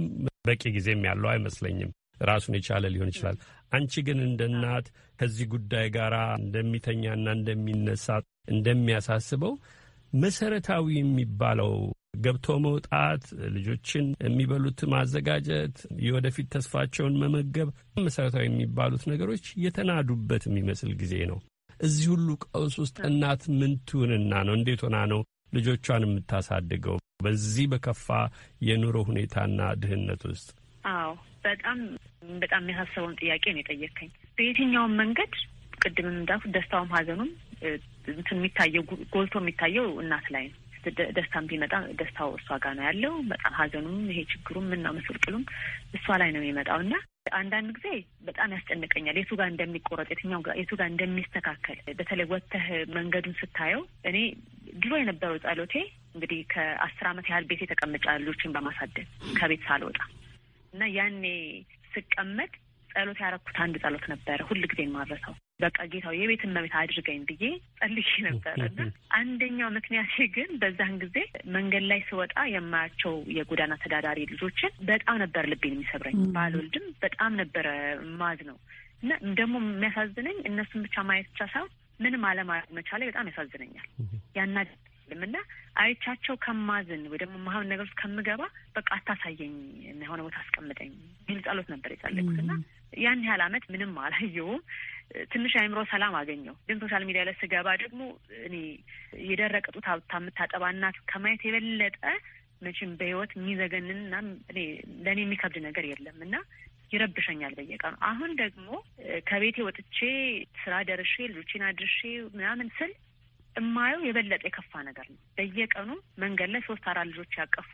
[SPEAKER 4] በቂ ጊዜም ያለው አይመስለኝም። ራሱን የቻለ ሊሆን ይችላል። አንቺ ግን እንደ እናት ከዚህ ጉዳይ ጋር እንደሚተኛና እንደሚነሳ እንደሚያሳስበው መሰረታዊ የሚባለው ገብቶ መውጣት፣ ልጆችን የሚበሉት ማዘጋጀት፣ የወደፊት ተስፋቸውን መመገብ፣ መሰረታዊ የሚባሉት ነገሮች የተናዱበት የሚመስል ጊዜ ነው። እዚህ ሁሉ ቀውስ ውስጥ እናት ምን ትሁንና ነው? እንዴት ሆና ነው ልጆቿን የምታሳድገው በዚህ በከፋ የኑሮ ሁኔታና ድህነት ውስጥ?
[SPEAKER 2] አዎ በጣም በጣም ያሳሰበውን ጥያቄ ነው የጠየከኝ። በየትኛውም መንገድ ቅድም እንዳልኩ ደስታውም ሀዘኑም እንትን የሚታየው ጎልቶ የሚታየው እናት ላይ ነው። ደስታም ቢመጣ ደስታው እሷ ጋር ነው ያለው። በጣም ሀዘኑም ይሄ ችግሩም ምናምን ምስቅልቅሉም እሷ ላይ ነው የሚመጣው እና አንዳንድ ጊዜ በጣም ያስጨንቀኛል የቱ ጋር እንደሚቆረጥ የትኛው ጋር የቱ ጋር እንደሚስተካከል። በተለይ ወጥተህ መንገዱን ስታየው እኔ ድሮ የነበረው ጸሎቴ እንግዲህ ከአስር ዓመት ያህል ቤት ተቀምጫ ልጆችን በማሳደግ ከቤት ሳልወጣ እና ያኔ ስቀመጥ ጸሎት ያረኩት አንድ ጸሎት ነበረ ሁል ጊዜ ማረሰው በቃ ጌታው የቤት እመቤት አድርገኝ ብዬ ጸልሽ ነበር። እና አንደኛው ምክንያቴ ግን በዛን ጊዜ መንገድ ላይ ስወጣ የማያቸው የጎዳና ተዳዳሪ ልጆችን በጣም ነበር ልቤን የሚሰብረኝ። ባልወልድም በጣም ነበረ ማዝ ነው እና ደግሞ የሚያሳዝነኝ እነሱን ብቻ ማየት ብቻ ሳይሆን ምንም አለማድረግ መቻሌ በጣም ያሳዝነኛል ያና አልችልም እና አይቻቸው ከማዝን ወይ ደግሞ መሀብ ነገር ውስጥ ከምገባ በቃ አታሳየኝ የሆነ ቦታ አስቀምጠኝ ሚል ጸሎት ነበር የጸለይኩት እና ያን ያህል አመት ምንም አላየውም። ትንሽ አይምሮ ሰላም አገኘው። ግን ሶሻል ሚዲያ ላይ ስገባ ደግሞ እኔ የደረቀ ጡት ሀብታ የምታጠባ እናት ከማየት የበለጠ መቼም በህይወት የሚዘገንንና እኔ ለእኔ የሚከብድ ነገር የለም እና ይረብሸኛል በየቀኑ። አሁን ደግሞ ከቤቴ ወጥቼ ስራ ደርሼ ልጆቼን አድርሼ ምናምን ስል እማየው የበለጠ የከፋ ነገር ነው። በየቀኑ መንገድ ላይ ሶስት አራት ልጆች ያቀፉ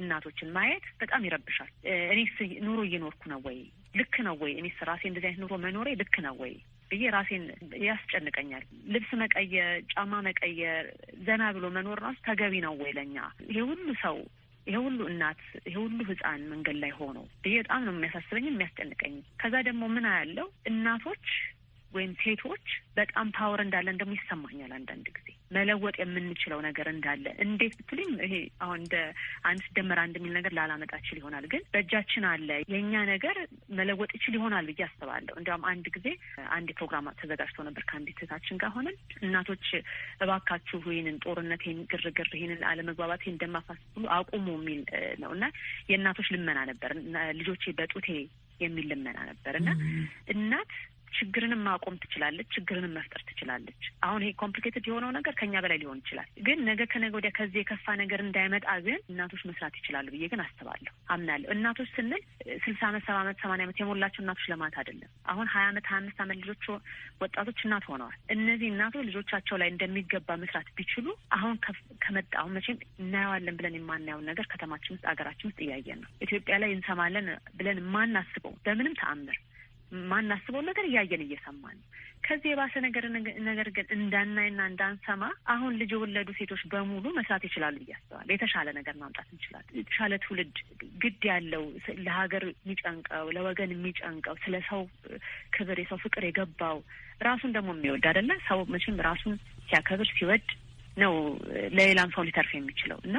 [SPEAKER 2] እናቶችን ማየት በጣም ይረብሻል። እኔስ ኑሮ እየኖርኩ ነው ወይ? ልክ ነው ወይ? እኔስ ራሴ እንደዚህ አይነት ኑሮ መኖሬ ልክ ነው ወይ ብዬ ራሴን ያስጨንቀኛል። ልብስ መቀየር፣ ጫማ መቀየር፣ ዘና ብሎ መኖር ራሱ ተገቢ ነው ወይ ለኛ? ይሄ ሁሉ ሰው ይሄ ሁሉ እናት ይሄ ሁሉ ህፃን መንገድ ላይ ሆኖ ብዬ በጣም ነው የሚያሳስበኝ የሚያስጨንቀኝ። ከዛ ደግሞ ምን አያለው እናቶች ወይም ሴቶች በጣም ፓወር እንዳለ እንደሞ ይሰማኛል። አንዳንድ ጊዜ መለወጥ የምንችለው ነገር እንዳለ እንዴት ብትልኝ ይሄ አሁን እንደ አንድ ስደመር አንድ የሚል ነገር ላላመጣችል ይሆናል፣ ግን በእጃችን አለ የእኛ ነገር መለወጥ ይችል ይሆናል ብዬ አስባለሁ። እንዲያውም አንድ ጊዜ አንድ ፕሮግራም ተዘጋጅቶ ነበር ከአንዲት እህታችን ጋር ሆነን እናቶች እባካችሁ ይህንን ጦርነት፣ ይህን ግርግር፣ ይህንን አለመግባባት፣ ይህን ደም ማፋሰስ ሁሉ አቁሙ የሚል ነው እና የእናቶች ልመና ነበር ልጆቼ በጡቴ የሚል ልመና ነበር እና እናት ችግርንም ማቆም ትችላለች፣ ችግርንም መፍጠር ትችላለች። አሁን ይሄ ኮምፕሊኬትድ የሆነው ነገር ከኛ በላይ ሊሆን ይችላል፣ ግን ነገ ከነገ ወዲያ ከዚህ የከፋ ነገር እንዳይመጣ ግን እናቶች መስራት ይችላሉ ብዬ ግን አስባለሁ፣ አምናለሁ። እናቶች ስንል ስልሳ አመት ሰባ አመት ሰማንያ አመት የሞላቸው እናቶች ለማለት አይደለም። አሁን ሀያ አመት ሀያ አምስት አመት ልጆች ወጣቶች እናት ሆነዋል። እነዚህ እናቶች ልጆቻቸው ላይ እንደሚገባ መስራት ቢችሉ አሁን ከመጣ አሁን መቼም እናየዋለን ብለን የማናየውን ነገር ከተማችን ውስጥ ሀገራችን ውስጥ እያየን ነው። ኢትዮጵያ ላይ እንሰማለን ብለን የማናስበው በምንም ተአምር ማናስበው ነገር እያየን እየሰማን ነው። ከዚህ የባሰ ነገር ነገር ግን እንዳናይና እንዳንሰማ አሁን ልጅ የወለዱ ሴቶች በሙሉ መስራት ይችላሉ እያስተዋል የተሻለ ነገር ማምጣት እንችላለን። የተሻለ ትውልድ ግድ ያለው ለሀገር የሚጨንቀው ለወገን የሚጨንቀው ስለ ሰው ክብር፣ የሰው ፍቅር የገባው ራሱን ደግሞ የሚወድ አይደለ ሰው መቼም ራሱን ሲያከብር ሲወድ ነው ለሌላም ሰው ሊተርፍ የሚችለው እና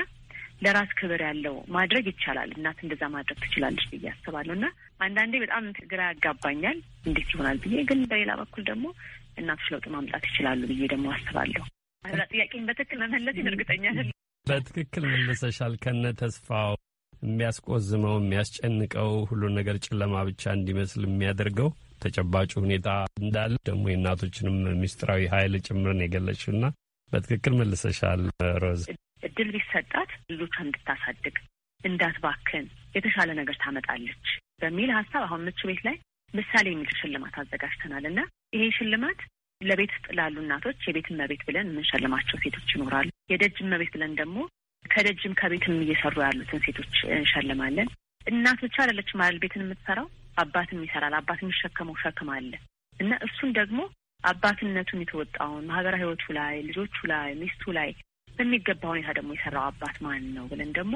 [SPEAKER 2] ለራስ ክብር ያለው ማድረግ ይቻላል። እናት እንደዛ ማድረግ ትችላለች ብዬ አስባለሁ። እና አንዳንዴ በጣም ግራ ያጋባኛል እንዴት ይሆናል ብዬ፣ ግን በሌላ በኩል ደግሞ እናቶች ለውጥ ማምጣት ይችላሉ ብዬ ደግሞ አስባለሁ። ጥያቄን በትክክል መመለስ
[SPEAKER 5] እርግጠኛ
[SPEAKER 4] በትክክል መለሰሻል። ከነ ተስፋው የሚያስቆዝመው የሚያስጨንቀው ሁሉን ነገር ጨለማ ብቻ እንዲመስል የሚያደርገው ተጨባጭ ሁኔታ እንዳለ ደግሞ የእናቶችንም ሚስጥራዊ ኃይል ጭምርን የገለችውና በትክክል መልሰሻል ሮዝ።
[SPEAKER 2] እድል ቢሰጣት ልጆቿን እንድታሳድግ እንዳትባክን የተሻለ ነገር ታመጣለች በሚል ሀሳብ አሁን ምቹ ቤት ላይ ምሳሌ የሚል ሽልማት አዘጋጅተናል እና ይሄ ሽልማት ለቤት ውስጥ ላሉ እናቶች የቤት እመቤት ብለን የምንሸልማቸው ሴቶች ይኖራሉ። የደጅ እመቤት ብለን ደግሞ ከደጅም ከቤትም እየሰሩ ያሉትን ሴቶች እንሸልማለን። እናት ብቻ አይደለችም አይደል ቤትን የምትሰራው፣ አባትም ይሰራል። አባት የሚሸከመው ሸክም አለ እና እሱን ደግሞ አባትነቱን የተወጣውን ማህበራዊ ህይወቱ ላይ፣ ልጆቹ ላይ፣ ሚስቱ ላይ በሚገባ ሁኔታ ደግሞ የሰራው አባት ማን ነው ብለን ደግሞ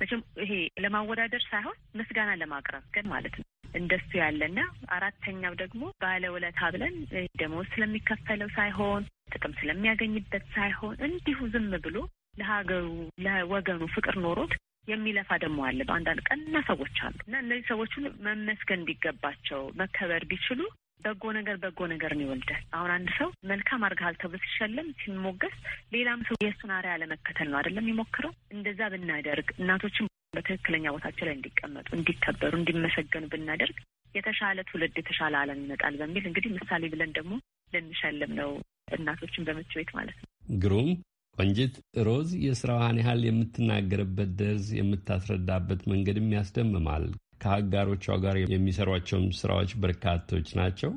[SPEAKER 2] መቼም ይሄ ለማወዳደር ሳይሆን ምስጋና ለማቅረብ ግን ማለት ነው እንደሱ ያለና አራተኛው ደግሞ ባለውለታ ብለን ደሞዝ ስለሚከፈለው ሳይሆን ጥቅም ስለሚያገኝበት ሳይሆን እንዲሁ ዝም ብሎ ለሀገሩ ለወገኑ ፍቅር ኖሮት የሚለፋ ደግሞ አለ። በአንዳንድ ቀና ሰዎች አሉ እና እነዚህ ሰዎች ሁሉ መመስገን ቢገባቸው መከበር ቢችሉ በጎ ነገር በጎ ነገር ነው ይወልዳል። አሁን አንድ ሰው መልካም አድርገሃል ተብሎ ሲሸለም ሲሞገስ፣ ሌላም ሰው የእሱን አርያ ለመከተል ነው አይደለም የሚሞክረው። እንደዛ ብናደርግ እናቶችም በትክክለኛ ቦታቸው ላይ እንዲቀመጡ፣ እንዲከበሩ፣ እንዲመሰገኑ ብናደርግ የተሻለ ትውልድ የተሻለ ዓለም ይመጣል በሚል እንግዲህ ምሳሌ ብለን ደግሞ ልንሸልም ነው እናቶችን በምች ቤት ማለት ነው።
[SPEAKER 4] ግሩም ቆንጅት ሮዝ የስራዋን ያህል የምትናገርበት ደርዝ የምታስረዳበት መንገድም ያስደምማል። ከአጋሮቿ ጋር የሚሰሯቸውም ስራዎች በርካቶች ናቸው።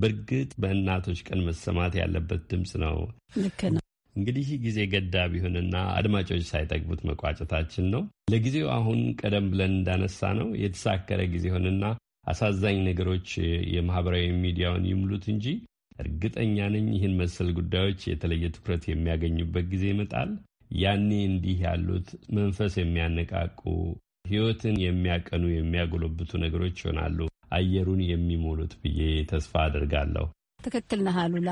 [SPEAKER 4] በእርግጥ በእናቶች ቀን መሰማት ያለበት ድምፅ ነው። ልክ ነው። እንግዲህ ጊዜ ገዳ ቢሆንና አድማጮች ሳይጠግቡት መቋጨታችን ነው። ለጊዜው አሁን ቀደም ብለን እንዳነሳ ነው የተሳከረ ጊዜ ሆንና አሳዛኝ ነገሮች የማህበራዊ ሚዲያውን ይሙሉት እንጂ እርግጠኛ ነኝ ይህን መሰል ጉዳዮች የተለየ ትኩረት የሚያገኙበት ጊዜ ይመጣል። ያኔ እንዲህ ያሉት መንፈስ የሚያነቃቁ ህይወትን የሚያቀኑ የሚያጎለብቱ ነገሮች ይሆናሉ አየሩን የሚሞሉት ብዬ ተስፋ አድርጋለሁ።
[SPEAKER 1] ትክክል ነህ አሉላ።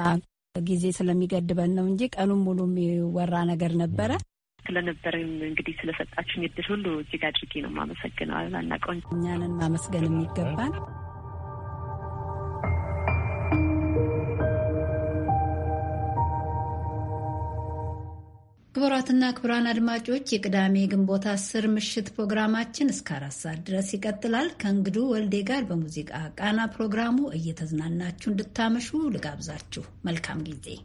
[SPEAKER 1] ጊዜ ስለሚገድበን ነው እንጂ ቀኑን ሙሉ የሚወራ ነገር ነበረ።
[SPEAKER 2] ስለነበረም እንግዲህ ስለሰጣችን ዕድል ሁሉ እጅግ አድርጌ ነው ማመሰግነው። አናቀው
[SPEAKER 1] እኛንን ማመስገን የሚገባን ክቡራትና ክቡራን አድማጮች የቅዳሜ ግንቦት አስር ምሽት ፕሮግራማችን እስከ አራት ሰዓት ድረስ ይቀጥላል። ከእንግዱ ወልዴ ጋር በሙዚቃ ቃና ፕሮግራሙ እየተዝናናችሁ እንድታመሹ ልጋብዛችሁ። መልካም ጊዜ።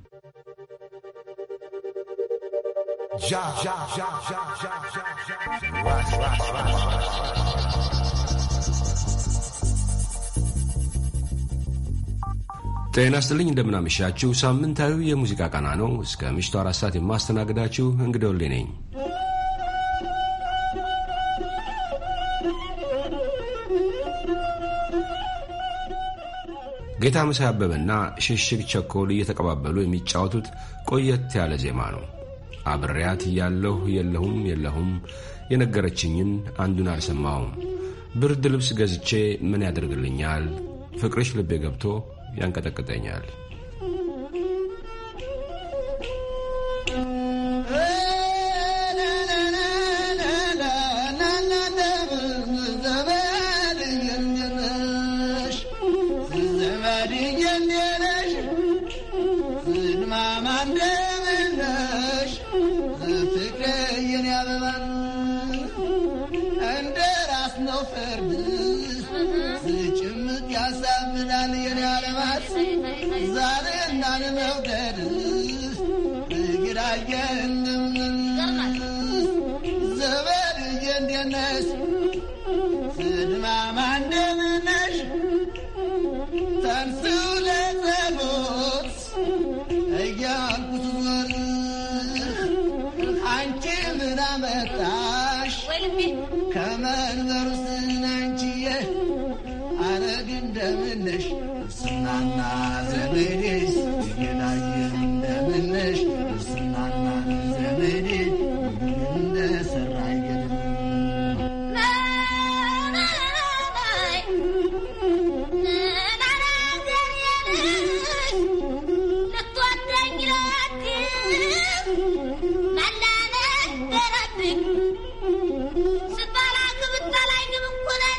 [SPEAKER 6] ጤና ይስጥልኝ። እንደምናመሻችሁ። ሳምንታዊ የሙዚቃ ቃና ነው። እስከ ምሽቱ አራት ሰዓት የማስተናግዳችሁ እንግዳ ነኝ። ጌታ መሳይ አበበና ሽሽግ ቸኮል እየተቀባበሉ የሚጫወቱት ቆየት ያለ ዜማ ነው። አብሬያት ያለሁ የለሁም የለሁም የነገረችኝን አንዱን አልሰማውም። ብርድ ልብስ ገዝቼ ምን ያደርግልኛል፣ ፍቅርሽ ልቤ ገብቶ yang kata-katanya Ali.
[SPEAKER 7] out in the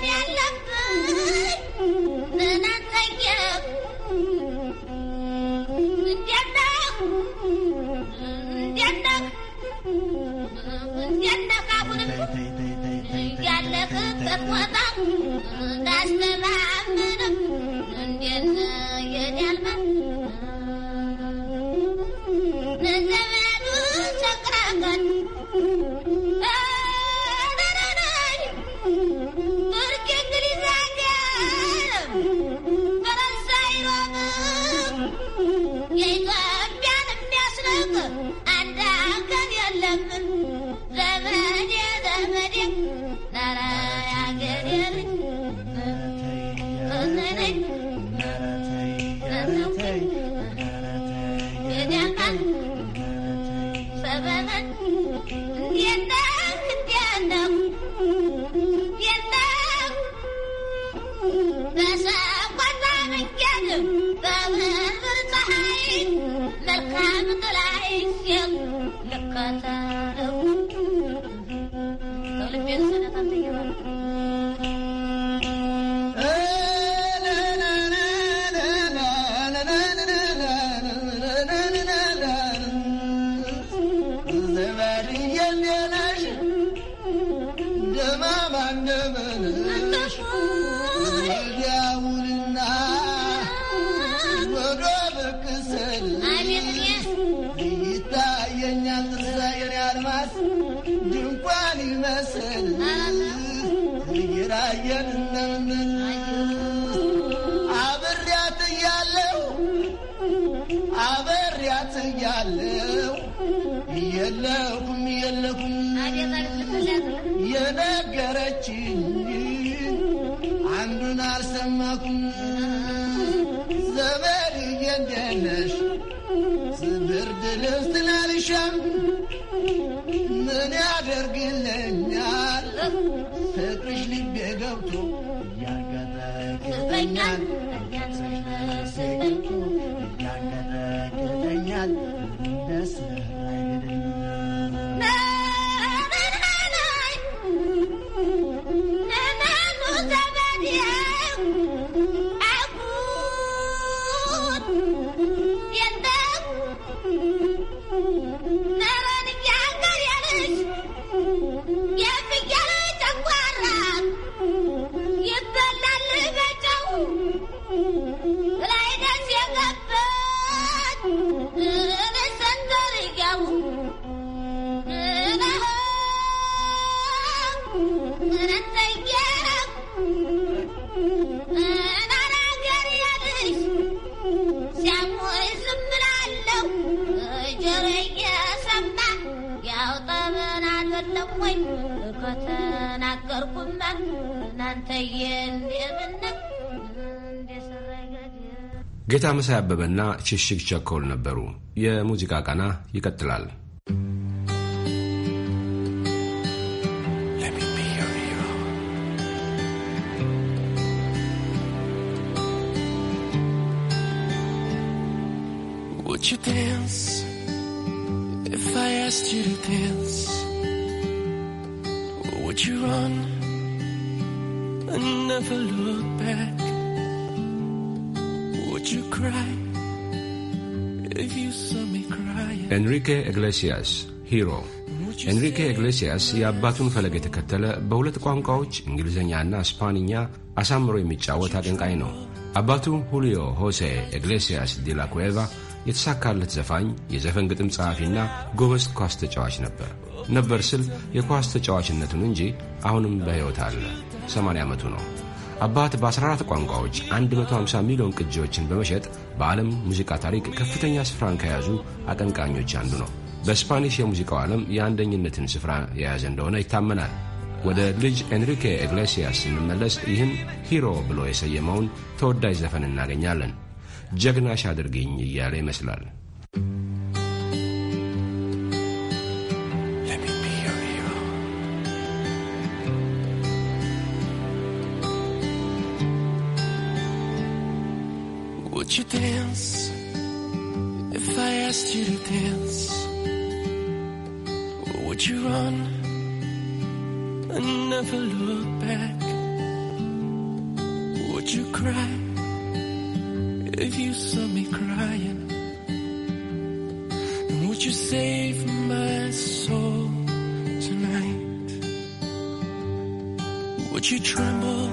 [SPEAKER 8] I love you.
[SPEAKER 7] ተያለው የለኩም የለኩም የነገረችኝ አንዱን አልሰማኩም። ዘመድ እየንደነሽ ብርድ ልብስ ትላልሻም
[SPEAKER 5] ምን ያደርግልኛል
[SPEAKER 7] ፍቅርሽ ልቤ ገብቶ እያንቀጠቀጠኛል።
[SPEAKER 6] ጌታ መሳይ አበበና ሽሽግ ቸኮል ነበሩ። የሙዚቃ ቃና ይቀጥላል።
[SPEAKER 5] Would you dance if I asked you to dance? Or would you run and never look back?
[SPEAKER 6] ኤንሪኬ ኢግሌሲያስ ሂሮ። ኤንሪኬ ኤግሌሲያስ የአባቱን ፈለግ የተከተለ በሁለት ቋንቋዎች እንግሊዝኛና ስፓንኛ አሳምሮ የሚጫወት አቀንቃኝ ነው። አባቱ ሁሊዮ ሆሴ ኤግሌሲያስ ዲላኩዌቫ የተሳካለት ዘፋኝ፣ የዘፈን ግጥም ጸሐፊና ጎበዝ ኳስ ተጫዋች ነበር። ነበር ስል የኳስ ተጫዋችነቱን እንጂ አሁንም በሕይወት አለ። 80 ዓመቱ ነው። አባት በ14 ቋንቋዎች 150 ሚሊዮን ቅጂዎችን በመሸጥ በዓለም ሙዚቃ ታሪክ ከፍተኛ ስፍራን ከያዙ አቀንቃኞች አንዱ ነው። በስፓኒሽ የሙዚቃው ዓለም የአንደኝነትን ስፍራ የያዘ እንደሆነ ይታመናል። ወደ ልጅ ኤንሪኬ ኤግሌሲያስ ስንመለስ ይህን ሂሮ ብሎ የሰየመውን ተወዳጅ ዘፈን እናገኛለን። ጀግናሽ አድርግኝ እያለ ይመስላል።
[SPEAKER 5] Would you dance if I asked you to dance? Or would you run and never look back? Would you cry if you saw me crying? And would you save my soul tonight? Would you tremble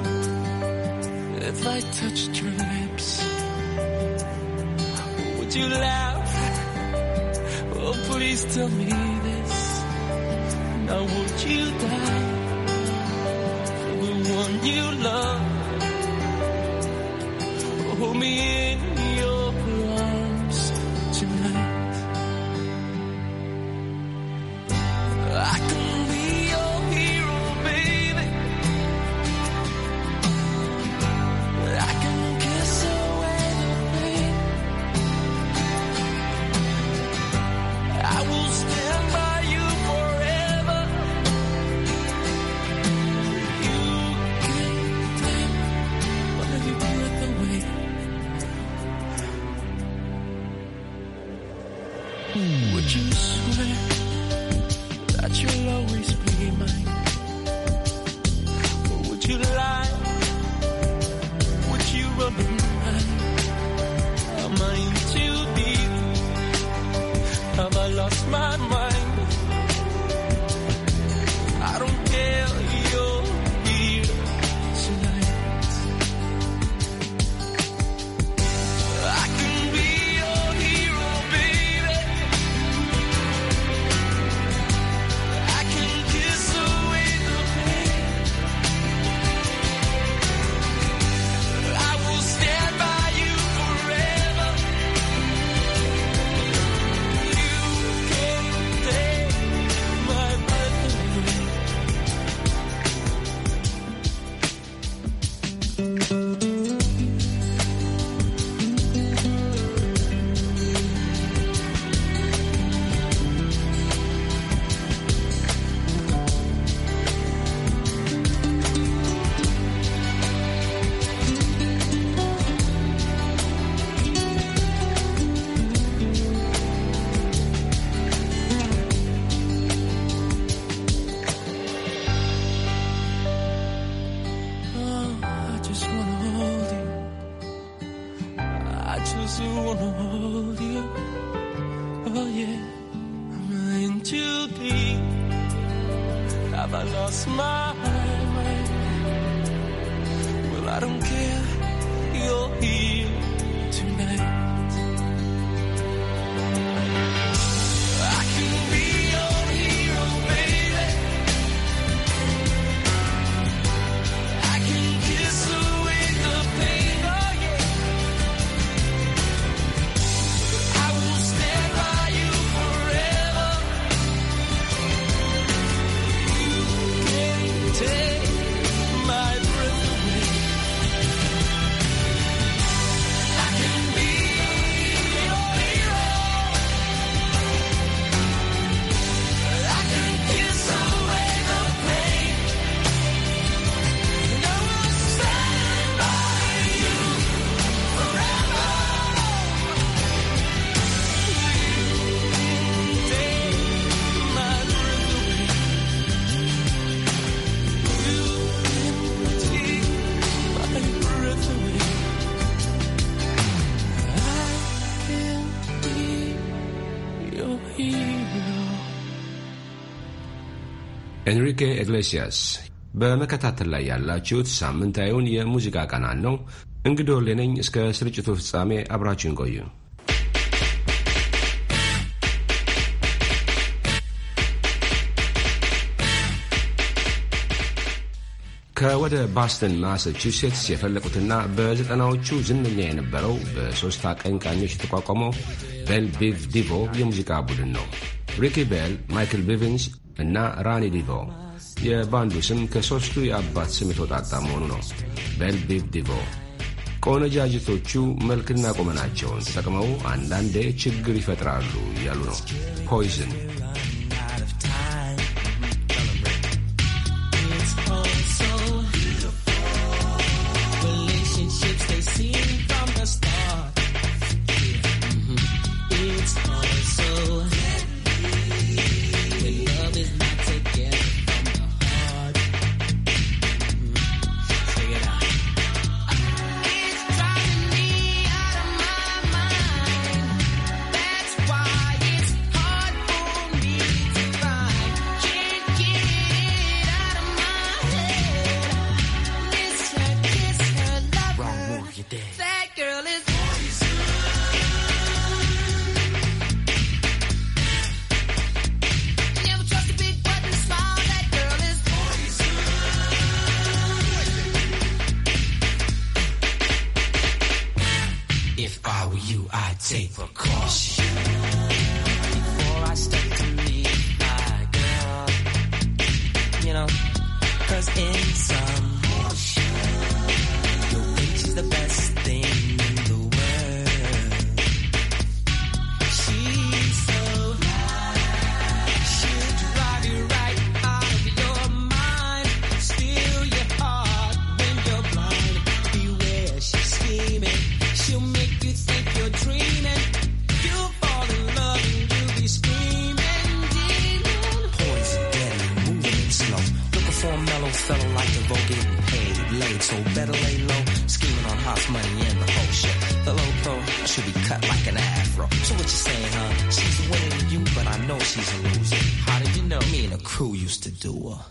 [SPEAKER 5] if I touched your that you laugh? Oh, please tell me this. Now would you die for the one you love? eyes wanna hold you. Oh yeah, I'm lying too deep.
[SPEAKER 6] Have I lost
[SPEAKER 5] my head?
[SPEAKER 6] ኤንሪኬ ኢግሌሲያስ። በመከታተል ላይ ያላችሁት ሳምንታዊውን የሙዚቃ ቀናን ነው። እንግዶ ሌነኝ እስከ ስርጭቱ ፍጻሜ አብራችሁን ቆዩ። ከወደ ባስተን ማሳቹሴትስ የፈለቁትና በዘጠናዎቹ ዝነኛ የነበረው በሦስት አቀንቃኞች የተቋቋመው ቤል ቢቭ ዲቮ የሙዚቃ ቡድን ነው። ሪኪ ቤል፣ ማይክል ቢቪንስ እና ራኒ ዲቮ የባንዱ ስም ከሦስቱ የአባት ስም የተወጣጣ መሆኑ ነው። በልቤብ ዲቮ ቆነጃጅቶቹ መልክና ቁመናቸውን ተጠቅመው አንዳንዴ ችግር ይፈጥራሉ እያሉ ነው። ፖይዝን
[SPEAKER 5] Fella like the vote getting paid, late, so better lay low. Scheming on hot money and the whole shit. The low pro should be cut like an afro. So what you saying, huh? She's winning you, but I know she's a loser. How did you know? Me and a
[SPEAKER 3] crew used to do her.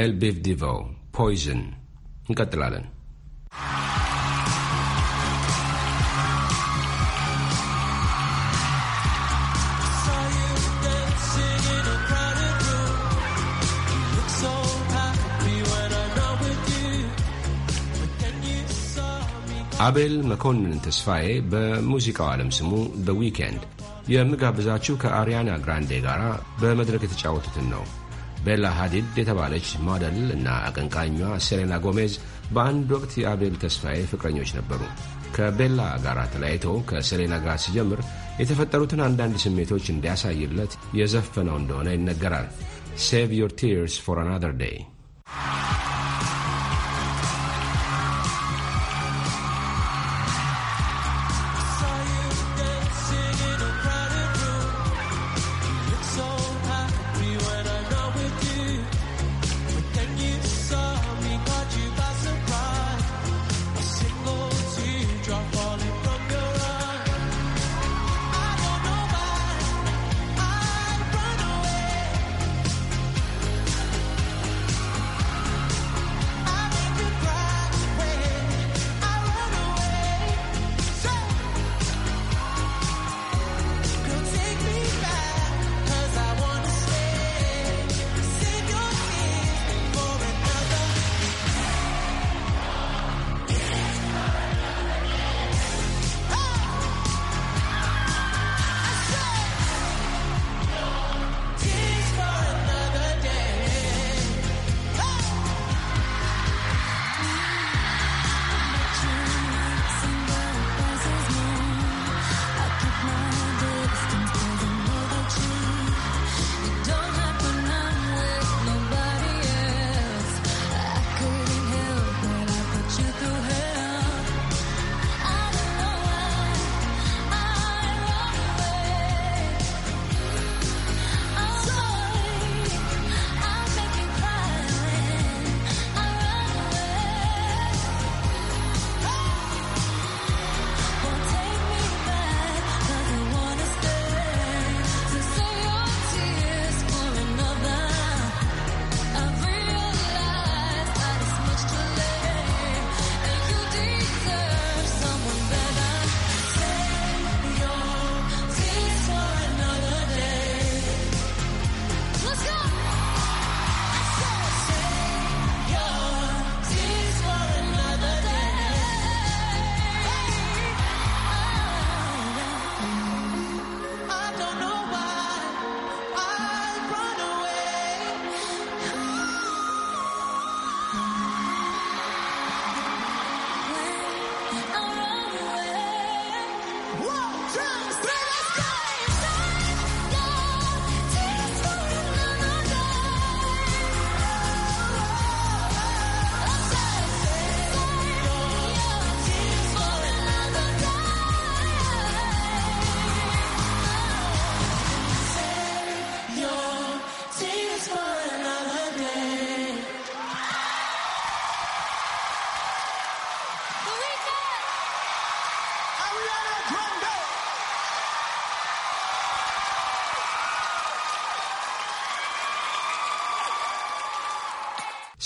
[SPEAKER 6] Bell Biv DeVoe, ፖይዝን እንቀጥላለን። አቤል መኮንን ተስፋዬ በሙዚቃው ዓለም ስሙ በዊኬንድ የምጋብዛችሁ ከአሪያና ግራንዴ ጋር በመድረክ የተጫወቱትን ነው። ቤላ ሀዲድ የተባለች ሞዴል እና አቀንቃኟ ሴሌና ጎሜዝ በአንድ ወቅት የአቤል ተስፋዬ ፍቅረኞች ነበሩ። ከቤላ ጋር ተለያይተው ከሴሌና ጋር ሲጀምር የተፈጠሩትን አንዳንድ ስሜቶች እንዲያሳይለት የዘፈነው እንደሆነ ይነገራል። ሴቭ ዮር ቲርስ ፎር አናዘር ዴይ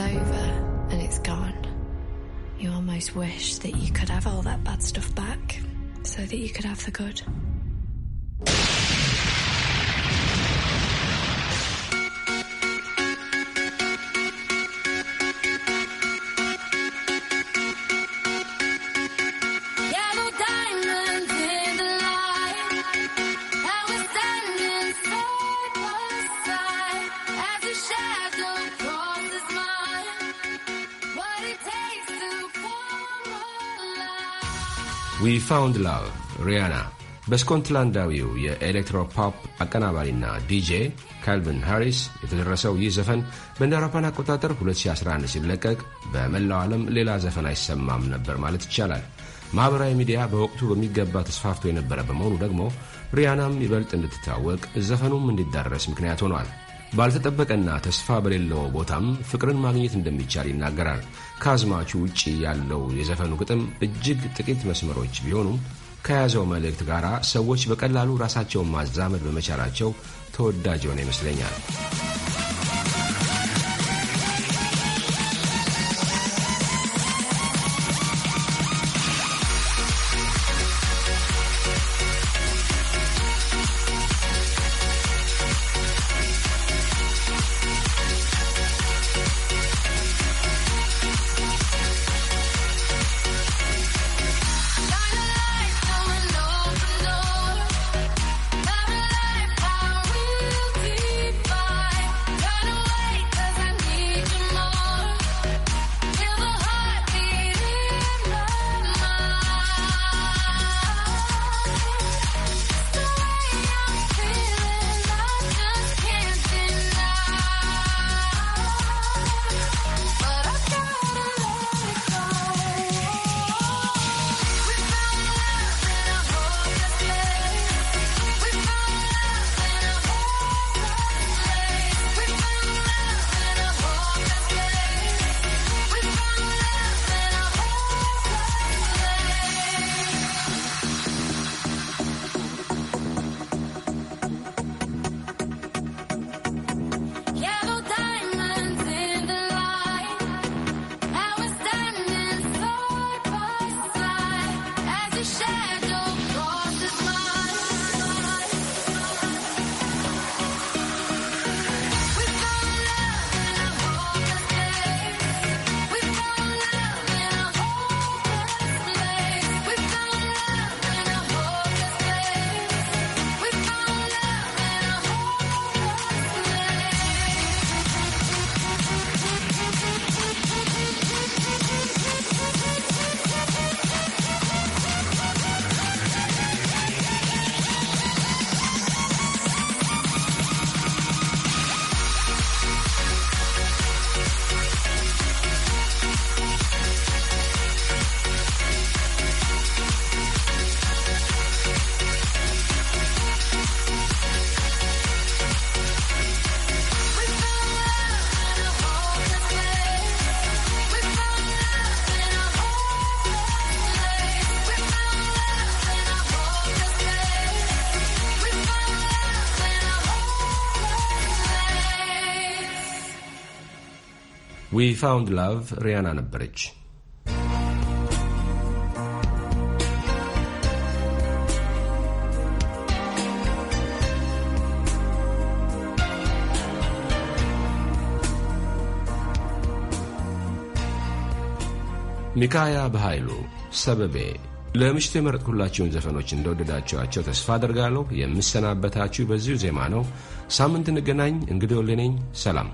[SPEAKER 7] over and it's gone, you almost wish that you could have all that bad stuff back so that you could have the good.
[SPEAKER 6] ፋውንድ ላቭ ሪያና በስኮትላንዳዊው ፖፕ አቀናባሪና ዲጄ ካልቪን ሃሪስ የተደረሰው ይህ ዘፈን በእንደ አውሮፓን አቆጣጠር 2011 ሲለቀቅ በመላው ዓለም ሌላ ዘፈን አይሰማም ነበር ማለት ይቻላል። ማኅበራዊ ሚዲያ በወቅቱ በሚገባ ተስፋፍቶ የነበረ በመሆኑ ደግሞ ሪያናም ይበልጥ እንድትታወቅ ዘፈኑም እንዲዳረስ ምክንያት ሆኗል። ባልተጠበቀና ተስፋ በሌለው ቦታም ፍቅርን ማግኘት እንደሚቻል ይናገራል። ከአዝማቹ ውጭ ያለው የዘፈኑ ግጥም እጅግ ጥቂት መስመሮች ቢሆኑም ከያዘው መልእክት ጋር ሰዎች በቀላሉ ራሳቸውን ማዛመድ በመቻላቸው ተወዳጅ የሆነ ይመስለኛል። ዊ ፋውንድ ላቭ ሪያና ነበረች። ሚካያ በኃይሉ ሰበቤ ለምሽቱ የመረጥኩላችሁን ዘፈኖች እንደወደዳችኋቸው ተስፋ አደርጋለሁ። የምሰናበታችሁ በዚሁ ዜማ ነው። ሳምንት እንገናኝ። እንግዲህ ወሌ ሰላም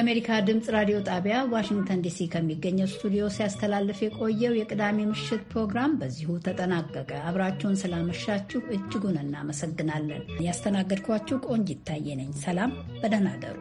[SPEAKER 1] የአሜሪካ ድምፅ ራዲዮ ጣቢያ ዋሽንግተን ዲሲ ከሚገኘው ስቱዲዮ ሲያስተላልፍ የቆየው የቅዳሜ ምሽት ፕሮግራም በዚሁ ተጠናቀቀ። አብራችሁን ስላመሻችሁ እጅጉን እናመሰግናለን። ያስተናገድኳችሁ ቆንጅ ይታየ ነኝ። ሰላም፣ በደህና አደሩ።